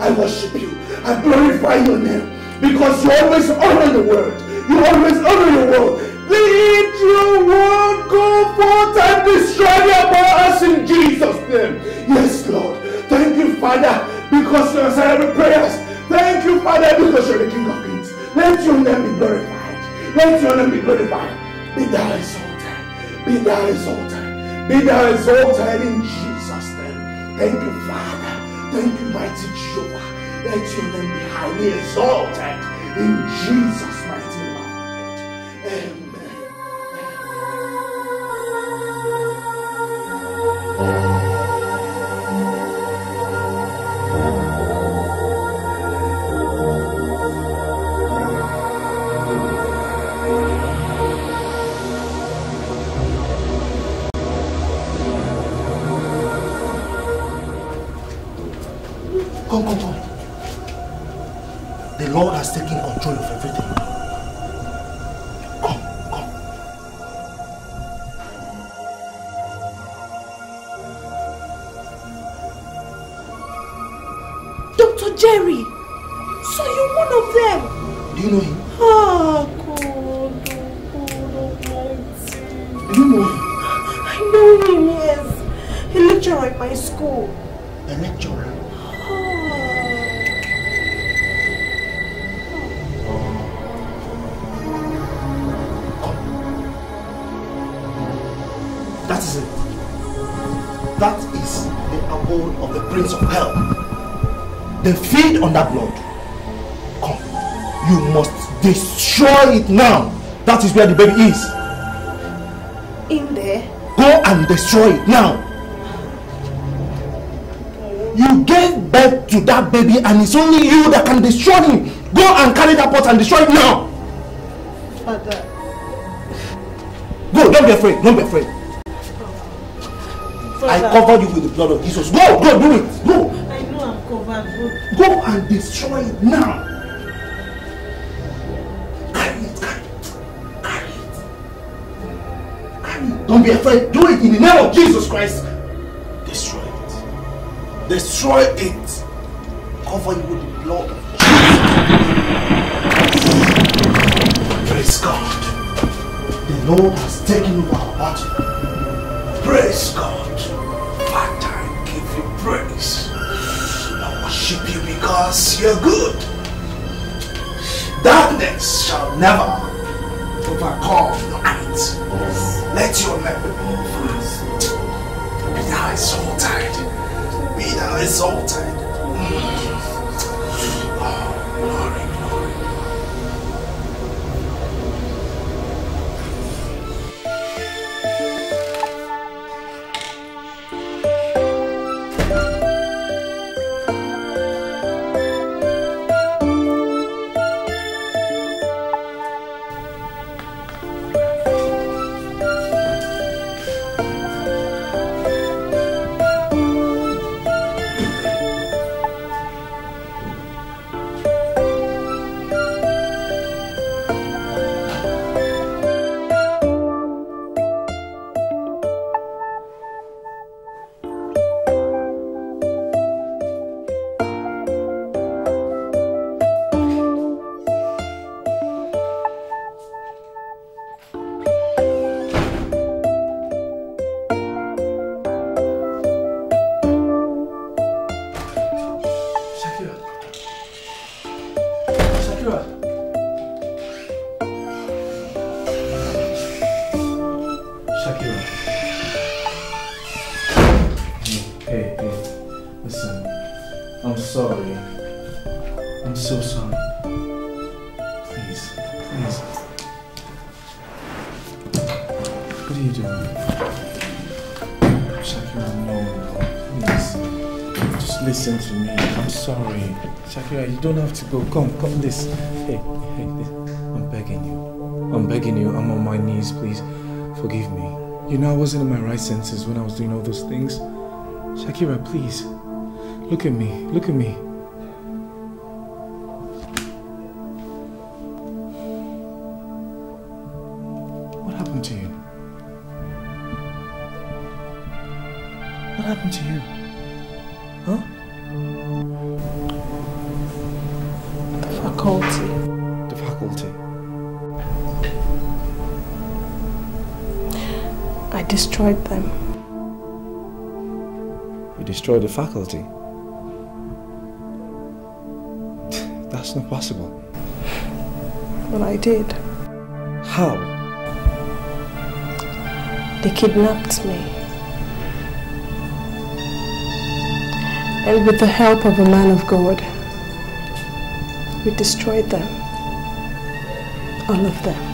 I worship you. I glorify your name. Because you always honor the word. You always honor your word. Let your word go forth and destroy the us in Jesus' name. Yes, Lord. Thank you, Father, because you answer every prayers. Thank you, Father, because you're the King of Kings. Let your name be glorified. Let your name be glorified. Be thou exalted. Be thou exalted. Be thou exalted in Jesus' name. Thank you, Father. Thank you, mighty Jehovah. Let your name be highly exalted in Jesus' mighty name. Amen. Come, come, come. The Lord has taken control of everything. it now. That is where the baby is. In there? Go and destroy it now. You gave birth to that baby and it's only you that can destroy him. Go and carry that pot and destroy it now. Father. Go, don't be afraid, don't be afraid. Father. I covered you with the blood of Jesus. Go, go, do it. Go. I know I'm covered. Go and destroy it now. Don't be afraid. Do it in the name of Jesus Christ. Destroy it. Destroy it. Cover you with the blood of Jesus. Praise God. The Lord has taken over our battle. Praise God. Father, I give you praise. I worship you because you're good. Darkness shall never overcome let your influence be thou exalted. Be thou exalted. don't have to go. Come, come, this. Hey, hey, this. I'm begging you. I'm begging you. I'm on my knees, please. Forgive me. You know, I wasn't in my right senses when I was doing all those things. Shakira, please. Look at me. Look at me. destroyed them. We destroyed the faculty? (laughs) That's not possible. Well, I did. How? They kidnapped me. And with the help of a man of God, we destroyed them. All of them.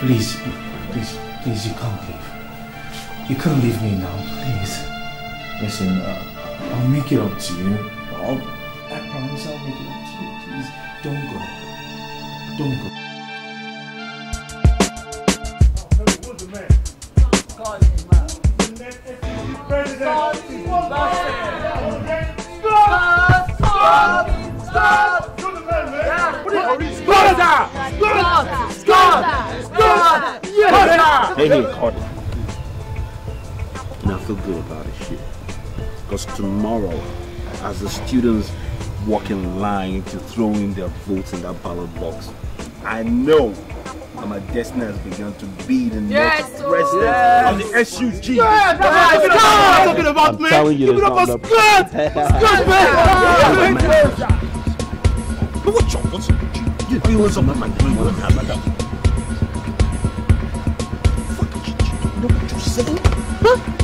please, please, please, you can't leave. You can't leave me now, please. Listen, uh, I'll make it up to you. I'll, I promise I'll make it up to you. Please, don't go. Don't go. Maybe it caught And I feel good about this shit. Because tomorrow, as the students walk in line to throw in their votes in that ballot box, I know and my destiny has begun to be the yes, next president yes. of the SUG. I'm talking about, I'm Telling you Give it up for Scott. Scott, man. you're doing. You're doing Huh?